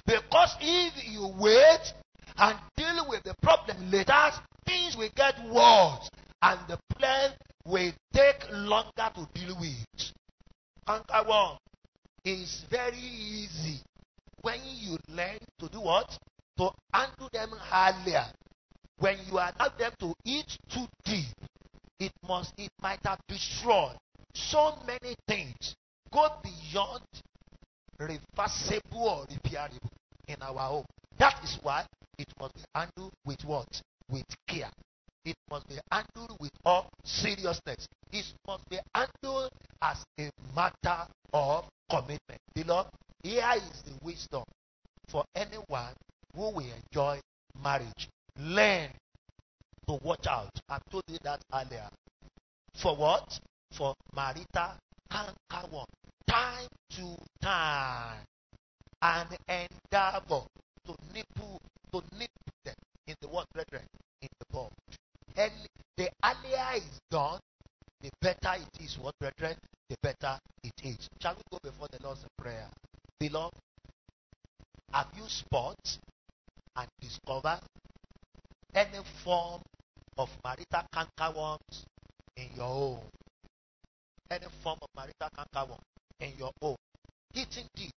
Because if you wait and deal with the problem later, things will get worse and the plan will take longer to deal with. Cankerworm is very easy when you learn to do what? To undo them earlier. When you allow them to eat too deep, it must it might have destroyed so many things. Go beyond reversible or repairable in our home. That is why it must be handled with what? With care. It must be handled with all seriousness. It must be handled as a matter of commitment. Lord. Here is the wisdom for anyone who will enjoy marriage. Learn to watch out. I told you that earlier. For what? For marital canker one. Time to time. And endeavor to nipple, to nip them in the word, brethren, in the bud. And the earlier is done, the better it is, what brethren, the better it is. Shall we go before the Lord's prayer? Beloved, have you spot and discovered any form of marital cankerworms in your home? Any form of marital cankerworm in your home? Eating deep,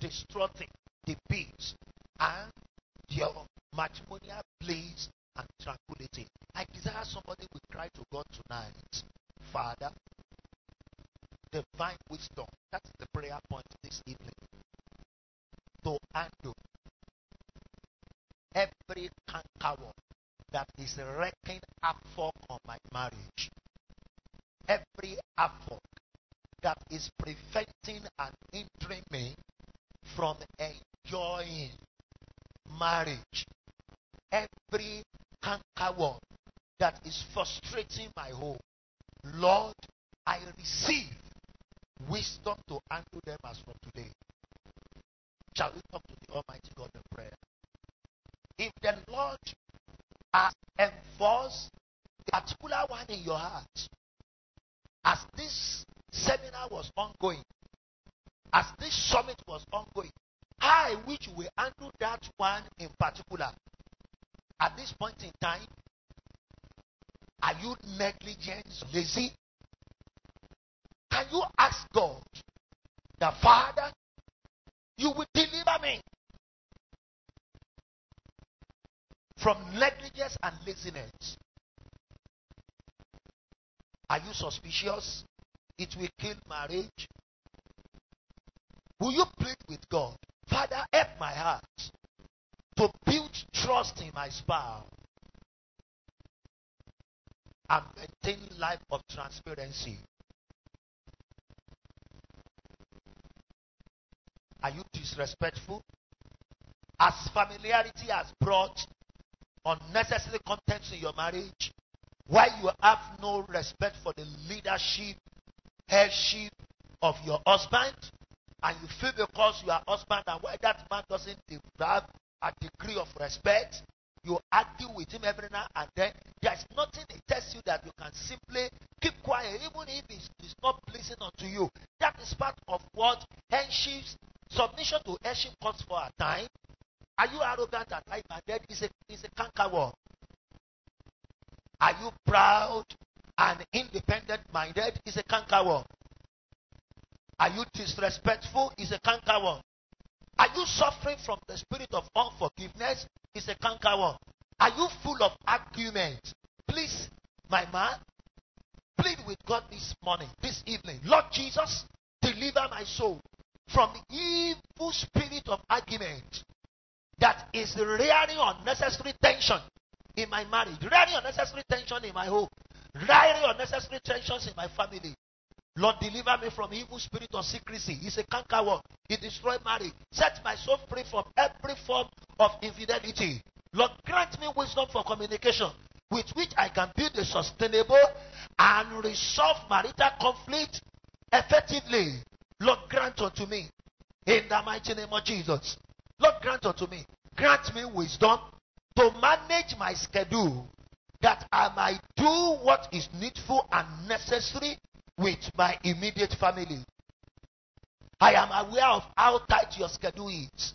distorting the peace and your matrimonial bliss and tranquility. I desire somebody will cry to God tonight. Father, divine wisdom. That's the prayer point this evening to undo every cankerworm that is wrecking havoc on my marriage, every effort that is preventing and hindering me from enjoying marriage, every cankerworm that is frustrating my home, Lord, I receive wisdom to handle them as from today shall we come to the Almighty God in prayer. If the Lord has enforced the particular one in your heart, as this seminar was ongoing, as this summit was ongoing, I which will handle that one in particular. At this point in time, are you negligent, lazy? Can you ask God, the Father, you will deliver me from negligence and laziness. Are you suspicious? It will kill marriage. Will you plead with God? Father, help my heart to build trust in my spouse and maintain life of transparency. Are you disrespectful? As familiarity has brought unnecessary contempt in your marriage, why you have no respect for the leadership, headship of your husband, and you feel because you are husband and why that man doesn't deserve a degree of respect, you argue with him every now and then. There's nothing that tells you that you can simply keep quiet, even if it's, it's not pleasing unto you. That is part of what headships Submission to headship comes for a time. Are you arrogant and high minded? Is a, is a canker word. Are you proud and independent minded? Is a canker worm. Are you disrespectful? Is a canker worm. Are you suffering from the spirit of unforgiveness? Is a canker worm. Are you full of argument? Please, my man, plead with God this morning, this evening. Lord Jesus, deliver my soul from the evil spirit of argument that is rearing unnecessary tension in my marriage, rearing unnecessary tension in my home, rearing unnecessary tensions in my family. Lord, deliver me from evil spirit of secrecy. It's a canker work. It destroys marriage. Set my soul free from every form of infidelity. Lord, grant me wisdom for communication with which I can build a sustainable and resolve marital conflict effectively. Lord, grant unto me in the mighty name of Jesus. Lord, grant unto me. Grant me wisdom to manage my schedule that I might do what is needful and necessary with my immediate family. I am aware of how tight your schedule is.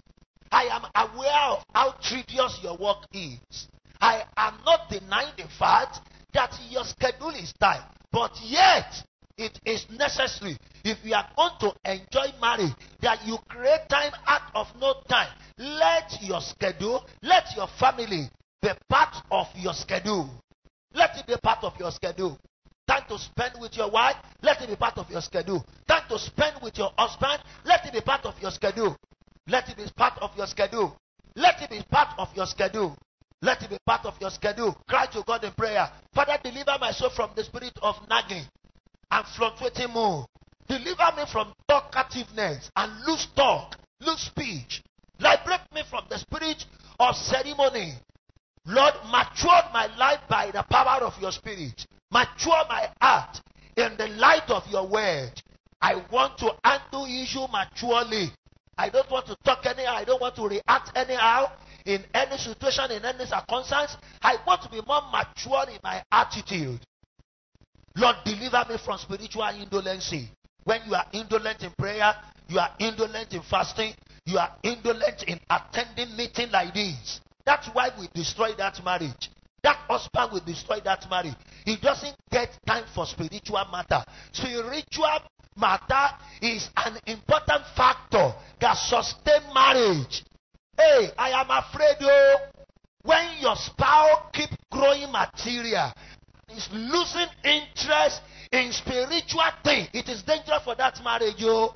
I am aware of how tedious your work is. I am not denying the fact that your schedule is tight, but yet it is necessary if you are going to enjoy marriage that you create time out of no time. Let your schedule, let your family be part of your schedule. Let it be part of your schedule. Time to spend with your wife, let it be part of your schedule. Time to spend with your husband, let it be part of your schedule. Let it be part of your schedule. Let it be part of your schedule. Let it be part of your schedule. Cry to God in prayer. Father, deliver my soul from the spirit of nagging and fluctuating more. Deliver me from talkativeness and loose talk, loose speech. Liberate me from the spirit of ceremony. Lord, mature my life by the power of your spirit. Mature my heart in the light of your word. I want to handle issue maturely. I don't want to talk anyhow. I don't want to react anyhow in any situation, in any circumstance. I want to be more mature in my attitude. Lord, deliver me from spiritual indolency. When you are indolent in prayer, you are indolent in fasting, you are indolent in attending meeting like this. That's why we destroy that marriage. That husband will destroy that marriage. He doesn't get time for spiritual matter. Spiritual matter is an important factor that sustain marriage. Hey, I am afraid, oh, when your spouse keep growing material is losing interest in spiritual things, it is dangerous for that marriage. You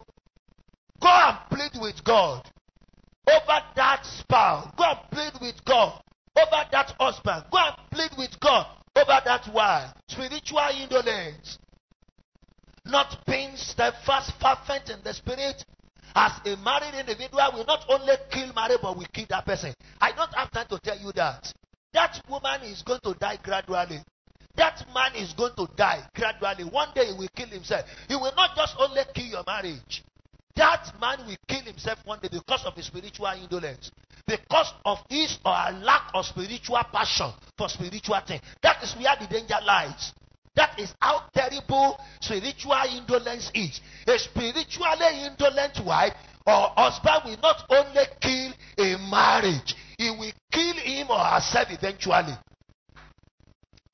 go and plead with God over that spouse. Go and plead with God over that husband. Go and plead with God over that wife. Spiritual indolence. Not being steadfast, fervent in the spirit. As a married individual will not only kill marriage, but will kill that person. I don't have time to tell you that. That woman is going to die gradually. That man is going to die gradually. One day he will kill himself. He will not just only kill your marriage. That man will kill himself one day because of his spiritual indolence, because of his or lack of spiritual passion for spiritual things. That is where the danger lies. That is how terrible spiritual indolence is. A spiritually indolent wife or husband will not only kill a marriage, he will kill him or herself eventually.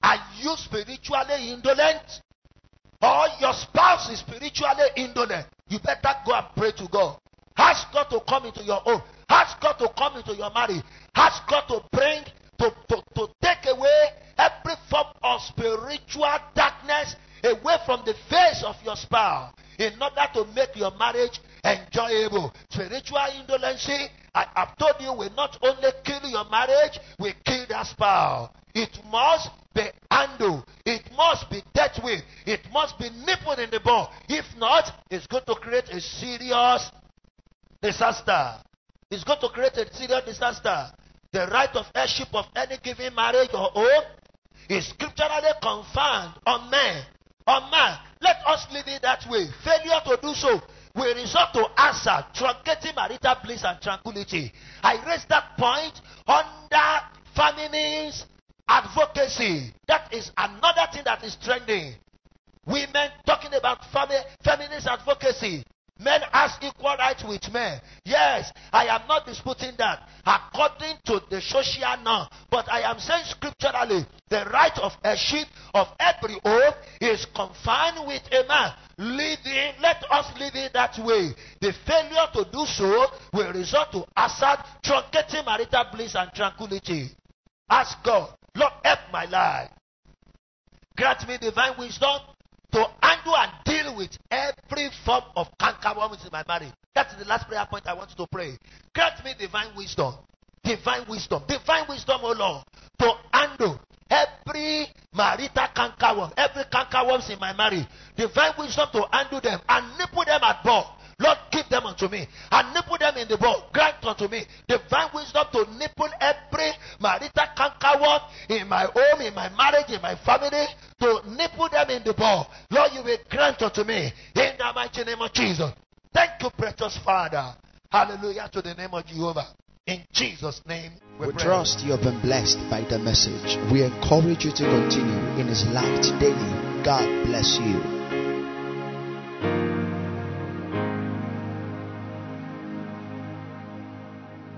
Are you spiritually indolent? Or your spouse is spiritually indolent? You better go and pray to God. Ask God to come into your own. Ask God to come into your marriage. Ask God to bring, to, to, to take away every form of spiritual darkness away from the face of your spouse in order to make your marriage enjoyable. Spiritual indolency, I have told you, will not only kill your marriage, will kill that spouse. It must be handled. It must be dealt with. It must be nippled in the bud. If not, it's going to create a serious disaster. It's going to create a serious disaster. The right of heirship of any given marriage or own is scripturally confirmed on man. On man. Let us leave it that way. Failure to do so will result to answer, truncating marital bliss and tranquility. I raise that point under families Advocacy. That is another thing that is trending. Women talking about femi- feminist advocacy. Men has equal rights with men. Yes, I am not disputing that according to the social norm. But I am saying scripturally, the right of a sheep of every oath is confined with a man. Living, let us live it that way. The failure to do so will result to Assad truncating marital bliss and tranquility. Ask God Lord, help my life. Grant me divine wisdom to handle and deal with every form of canker worms in my marriage. That's the last prayer point I want you to pray. Grant me divine wisdom. Divine wisdom. Divine wisdom, O oh Lord, to handle every marital canker worm, every canker worms in my marriage. Divine wisdom to handle them and nipple them at birth. Lord, give them unto me and nipple them in the bowl. Grant unto me divine wisdom to nipple every marital cankerworm in my home, in my marriage, in my family, to nipple them in the bowl. Lord, you will grant unto me in the mighty name of Jesus. Thank you, precious Father. Hallelujah to the name of Jehovah. In Jesus' name, we, we trust you have been blessed by the message. We encourage you to continue in His light daily. God bless you.